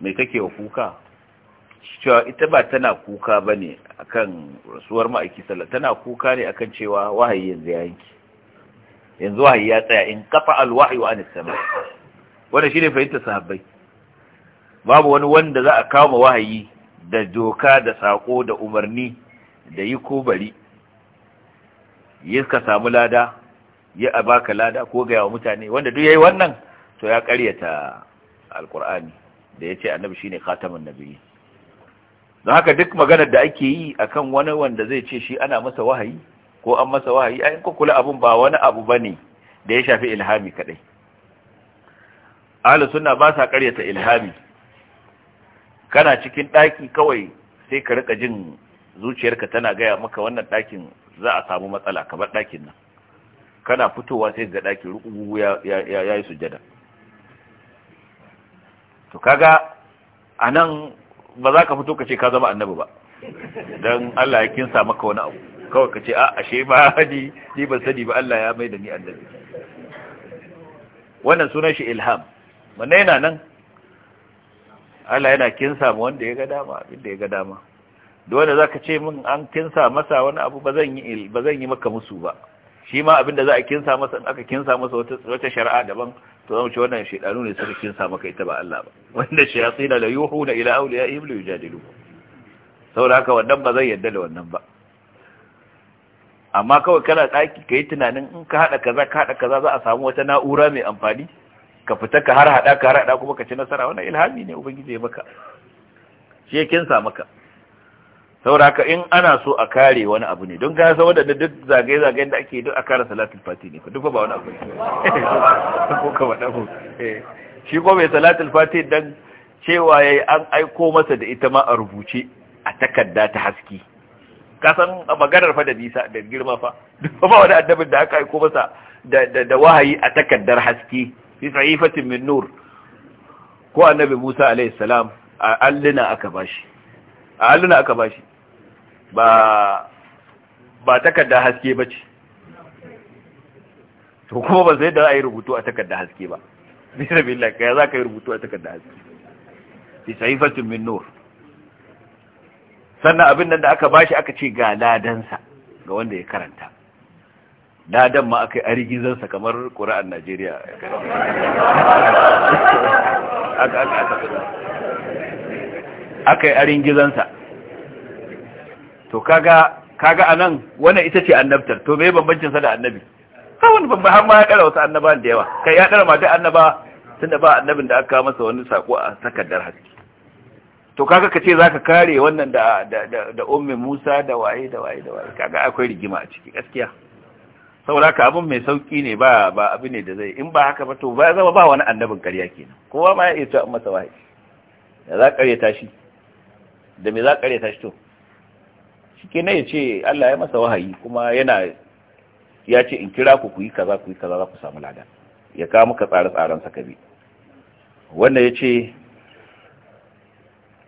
mai kake wa kuka cewa ita ba tana kuka ba ne a kan rasuwar ma'aiki sallah tana kuka ne akan cewa wahayi yanzu ya yanki yanzu wahayi ya tsaya in kafa alwahi wa anis sama wanda shi ne fahimta sahabbai babu wani wanda za a kawo ma wahayi da doka da sako da umarni da yi ko bari yi ka samu lada ya a baka lada ko gaya wa mutane wanda duk ya yi wannan to ya karyata alkur'ani da ya ce annabi shi ne khatamun nabiyyi don haka duk maganar da ake yi akan wani wanda zai ce shi ana masa wahayi ko an masa wahayi ayin kula abun ba wani abu bane da ya shafi ilhami kadai ahlus sunna ba sa karyata ilhami kana cikin daki kawai sai ka rika jin zuciyarka tana gaya maka wannan dakin za a samu matsala kamar dakin nan kana fitowa sai ga dakin rukugu ya ya yi sujada to kaga nan ba za ka fito ka ce ka zama annabi ba don Allah ya kinsa maka wani abu kawai ka ce a ah, ashe ba ni ni ban sani ba Allah ya mai da ni annabi wannan sunan shi ilham wannan yana nan Allah yana kinsa ma wanda ya ga dama abinda ya ga dama duk wanda zaka ce min an kinsa masa wani abu ba zan yi ba zan yi maka musu ba shi ma abinda za a kinsa masa in aka kinsa masa wata shari'a daban to zamu ce wannan shedanu ne suka kinsa maka ita ba Allah ba wanda shayatin la yuhuna ila awliyaihim li yujadilu saboda haka wannan ba zai yadda da wannan ba amma kawai kana daki kai tunanin in ka hada kaza ka hada kaza za a samu wata na'ura mai amfani ka fita ka har hada ka har hada kuma ka ci nasara wannan ilhami ne ubangiji ya maka shi ya kinsa maka saboda haka in ana so a kare wani abu ne don ka sa wadanda duk zagaye zage da ake duk a kare salatul fati ne duk ba wani abu ne ko ka wada ko eh, shi ko mai salatul fati dan cewa yayi an aiko masa da ita ma a rubuce a takarda ta haski ka san maganar fa da bisa da girma fa duk ba wani addabin da aka aiko masa da da wahayi a takaddar haski fi sahifatin min nur ko annabi Musa alaihi salam a alluna aka bashi a alluna aka bashi ba ba takarda haske ba ce to kuma ba zai da a yi rubutu a takarda haske ba bisa billah kai za ka yi rubutu a takarda haske fi saifatin min nur sannan abin nan da aka bashi aka ce ga ladansa ga wanda ya karanta ladan ma aka yi arigizansa kamar ƙura'an najeriya aka yi arigizansa to kaga kaga anan wannan ita ce annabtar to me bambancin sa da annabi Ta wani babban har ma ya kara wasu annaba da yawa kai ya kara mata duk annaba tunda ba annabin da aka masa wani sako a takardar haske to kaga kace zaka kare wannan da da da ummi Musa da waye da waye da waye kaga akwai rigima a ciki gaskiya saboda ka. abin mai sauki ne ba ba abu ne da zai in ba haka ba to ba zama ba wani annabin ƙarya kenan kowa ma ya iya ta masa wahayi da za ƙarya tashi da me za ƙarya tashi to shike ne ya ce Allah ya masa wahayi kuma yana ya ce in kira ku ku yi kaza ku yi kaza za ku samu lada ya kawo muka tsare-tsaren sa kabi wanda ya ce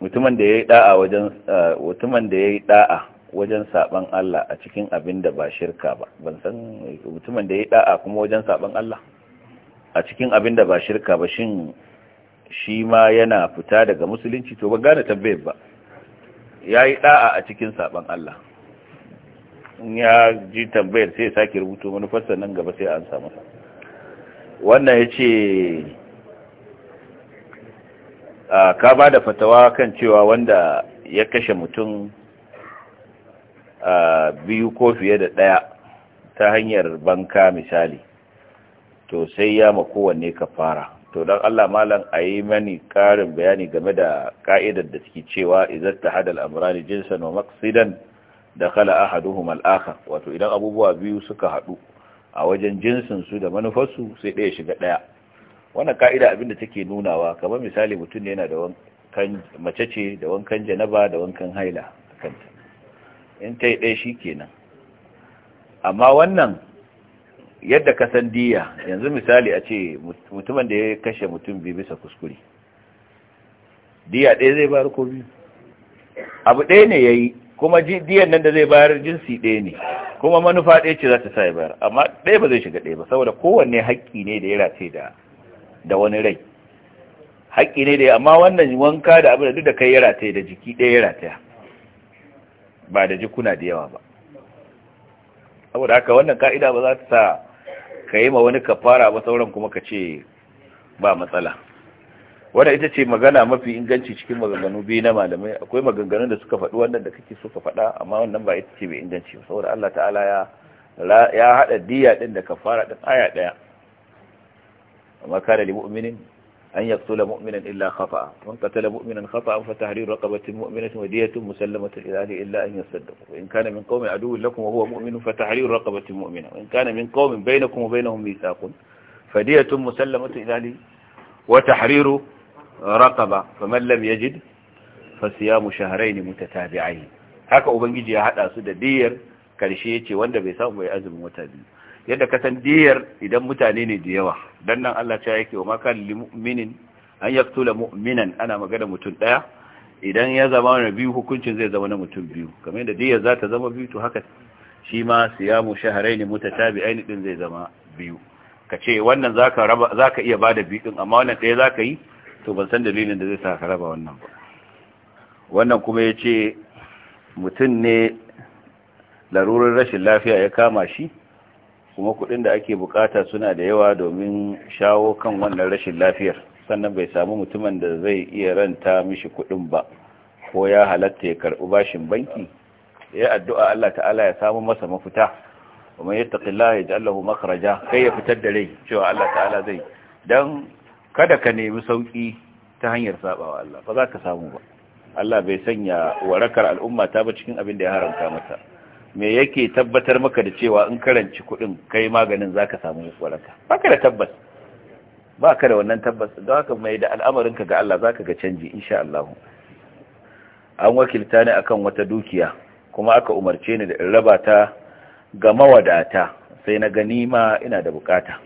mutumin da ya yi da'a wajen eh, mutumin da ya yi da'a wajen saban Allah a cikin abin da ba shirka ba ban san mutumin da ya yi da'a kuma wajen saban Allah a cikin abin da ba shirka ba shin shi ma yana fita daga musulunci to ba gane tabbayin ba ya yi ɗa'a a cikin saɓon Allah in ya ji tambayar sai ya sake rubuto manufarsa nan gaba sai an samu wannan ya ce ka ba da fatawa kan cewa wanda ya kashe mutum biyu ko fiye da ɗaya ta hanyar banka misali to sai ya ma kowanne ka fara to don Allah malam a yi mani ƙarin bayani game da ƙa'idar da suke cewa izar ta hadal amurani jinsan wa maksidan da kala ahaduhum al'aka wato idan abubuwa biyu suka haɗu a wajen jinsin su da manufarsu sai ɗaya shiga ɗaya wannan ka'ida abinda take nunawa kamar misali mutum ne yana da wankan mace ce da wankan janaba da wankan haila a kanta in ta yi ɗaya shi kenan amma wannan yadda ka san diya yanzu misali a ce mutumin da ya kashe mutum biyu bisa kuskure diya ɗaya zai bayar ko biyu abu ɗaya ne ya yi kuma diyan nan da zai bayar jinsi ɗaya ne kuma manufa ɗaya ce za ta sa ya bayar amma ɗaya ba zai shiga ɗaya ba saboda kowanne haƙƙi ne da ya race da da wani rai haƙƙi ne da amma wannan wanka da abin da duk da kai ya rataye da jiki ɗaya ya rataya ba da jikuna da yawa ba saboda haka wannan ka'ida ba za ta sa ka yi ma wani ka fara ba sauran kuma ka ce ba matsala wadda ita ce magana mafi inganci cikin maganganu biyu na malamai akwai maganganun da suka faɗi wannan da kake so ka faɗa amma wannan ba ita ce mai inganci ba saboda Allah ta'ala ya ya haɗa diyya ɗin da ka fara ɗin aya ɗaya amma kana li أن يقتل مؤمنا إلا خطأ من قتل مؤمنا خطأ فتحرير رقبة مؤمنة ودية مسلمة إلى أهله إلا أن يصدقوا وإن كان من قوم عدو لكم وهو مؤمن فتحرير رقبة مؤمنة وإن كان من قوم بينكم وبينهم ميثاق فدية مسلمة إلى أهله وتحرير رقبة فمن لم يجد فصيام شهرين متتابعين haka ubangiji ya hada su da diyar karshe yace wanda bai samu bai azumin wata biyu yadda ka san diyar idan mutane ne da yawa dan nan Allah ta yake wa maka mu'minin an yaktula mu'minan ana magana mutum daya idan ya zama na biyu hukuncin zai zama na mutum biyu kamar yadda diyar za ta zama biyu to haka shi ma siyamu shahrayn mutatabi'ain din zai zama biyu ka ce wannan zaka raba zaka iya bada biyu din amma wannan daya zaka yi to ban san dalilin da zai sa ka raba wannan ba wannan kuma yace mutum ne larurin rashin lafiya ya kama shi kuma kuɗin da ake bukata suna da yawa domin shawo kan wannan rashin lafiyar sannan bai samu mutumin da zai iya ranta mishi kuɗin ba ko ya halatta ya karɓi bashin banki ya addu'a Allah ta'ala ya samu masa mafita kuma ya taƙilla ya ji Allah kai ya fitar da rai cewa Allah ta'ala zai don kada ka nemi sauƙi ta hanyar sabawa Allah ba za ka samu ba Allah bai sanya warakar al'umma ba cikin abin da ya haramta mata me yake tabbatar maka da cewa in karanci kuɗin kai maganin za ka samu waraka ba ka da tabbas ba ka da wannan tabbas don haka mai da al'amarinka ga Allah za ka ga canji insha Allah an wakilta ni akan wata dukiya kuma aka umarce ni da in raba ta ga mawadata sai na ganima ina da bukata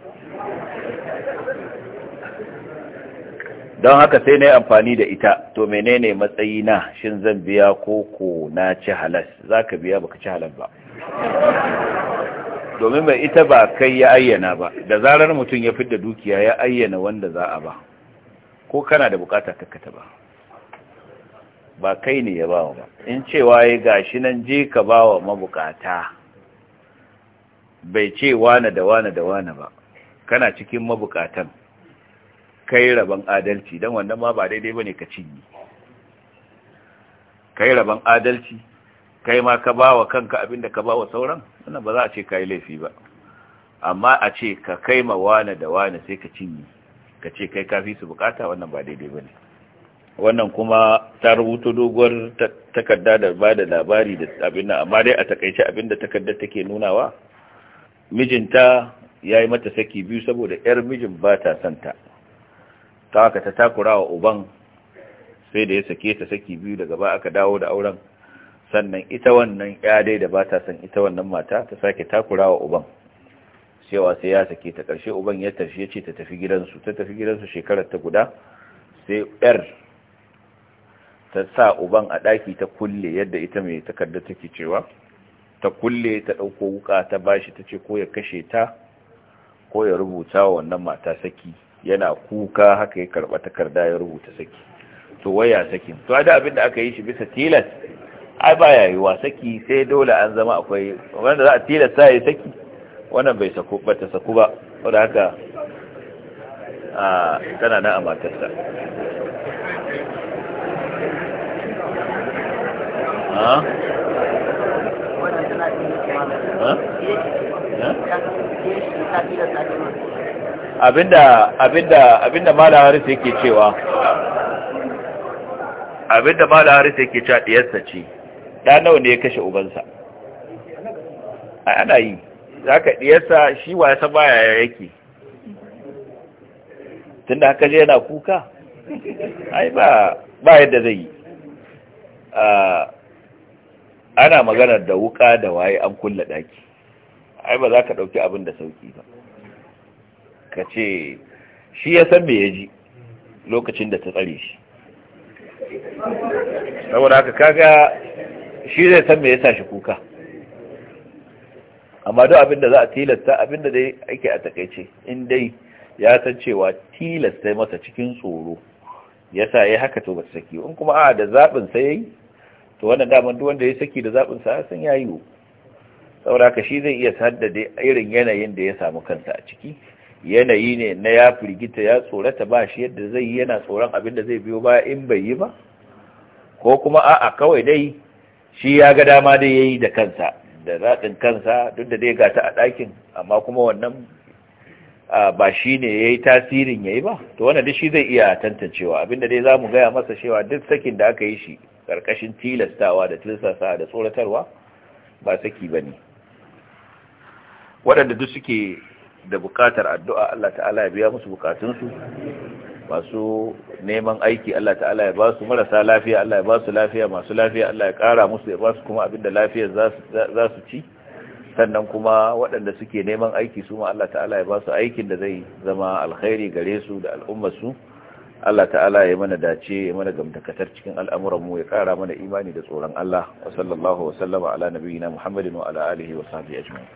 don haka sai na yi amfani da ita to menene matsayi na shin zan biya koko na ci halas za ka biya baka ci halal ba domin mai ita ba kai ya ayyana ba da zarar mutum ya fidda dukiya ya ayyana wanda za a ba ko kana da bukata kakkata ba ba kai ne ya bawa ba in cewa ya gashi nan je ka bawa mabukata bai ce wane da wane da wane ba kana cikin mabukatan kai rabon adalci don wannan ma ba daidai ba ne ka cinye kai rabon adalci kai ma ka ba wa kanka abinda ka ba wa sauran wannan ba za a ce ka yi laifi ba amma a ce ka kai ma wane da wane sai ka cinye ka ce kai kafi su bukata wannan ba daidai ba ne wannan kuma ta rubuta doguwar takarda da ba da labari da abin nan amma dai a takaice abin da takardar take nunawa mijinta ya yi mata saki biyu saboda 'yar mijin ba ta santa ta haka ta takura wa uban sai da ya sake ta saki biyu daga ba aka dawo da auren sannan ita wannan ya dai da ba ta san ita wannan mata ta sake takura wa uban cewa sai ya sake ta ƙarshe uban ya tafi ya ce ta tafi gidansu ta tafi gidansu shekarar ta guda sai yar ta sa uban a ɗaki ta kulle yadda ita mai takarda take cewa ta kulle ta ɗauko wuka ta bashi ta ce ko ya kashe ta ko ya rubuta wa wannan mata saki yana kuka haka ya karɓa takarda ya rubuta saki to waya sakin to a da abin da aka yi shi bisa tilas ai yi yiwa saki sai dole an zama akwai wanda za a tilasta ya saki wannan bai sako ba ta saku ba saboda haka a tana nan a matarsa ha? ha? abinda abinda abinda malam haris yake cewa abinda malam haris yake cewa sa ce da nawa ne ya kashe ubansa ai ana yi zaka sa shi wa ya san baya yake tunda haka je yana kuka ai ba ba yadda zai yi ana maganar da wuka da waye an kullada ki ai ba za ka dauki abin da sauki ba ka ce shi ya san me ya ji lokacin da ta tsare shi saboda haka kaga shi zai san me ya sa shi kuka amma duk abinda za a tilasta abinda dai ake a takaice in dai ya san cewa tilasta masa cikin tsoro ya sa ya haka to ba saki in kuma a da zaɓin sa ya yi to wannan daman duk wanda ya saki da zaɓin sa sun ya yi saboda haka shi zai iya haddade irin yanayin da ya samu kansa a ciki yanayi ne na ya firgita ya tsorata ba shi yadda zai yi yana tsoron abin da zai biyo ba in bai yi ba ko kuma a'a kawai dai shi ya ga dama dai yayi da kansa da zaɗin kansa duk da dai gata a ɗakin amma kuma wannan ba shi ne ya yi tasirin ya yi ba to wannan duk shi zai iya tantancewa abin da dai za mu gaya masa cewa duk sakin da aka yi shi karkashin tilastawa da tilsasa da tsoratarwa ba saki ba ne waɗanda duk suke da bukatar addu'a Allah ta'ala ya biya musu bukatunsu masu neman aiki Allah ta'ala ya ba su marasa lafiya Allah ya ba su lafiya masu lafiya Allah ya kara musu ya ba su kuma da lafiya za su ci sannan kuma waɗanda suke neman aiki su ma Allah ta'ala ya ba su aikin da zai zama alkhairi gare su da al'ummarsu Allah ta'ala ya mana dace ya mana gamtakatar cikin al'amuranmu ya kara mana imani da tsoron Allah wasallallahu wasallama ala nabiyyina Muhammadin wa ala alihi wa sahbihi ajma'in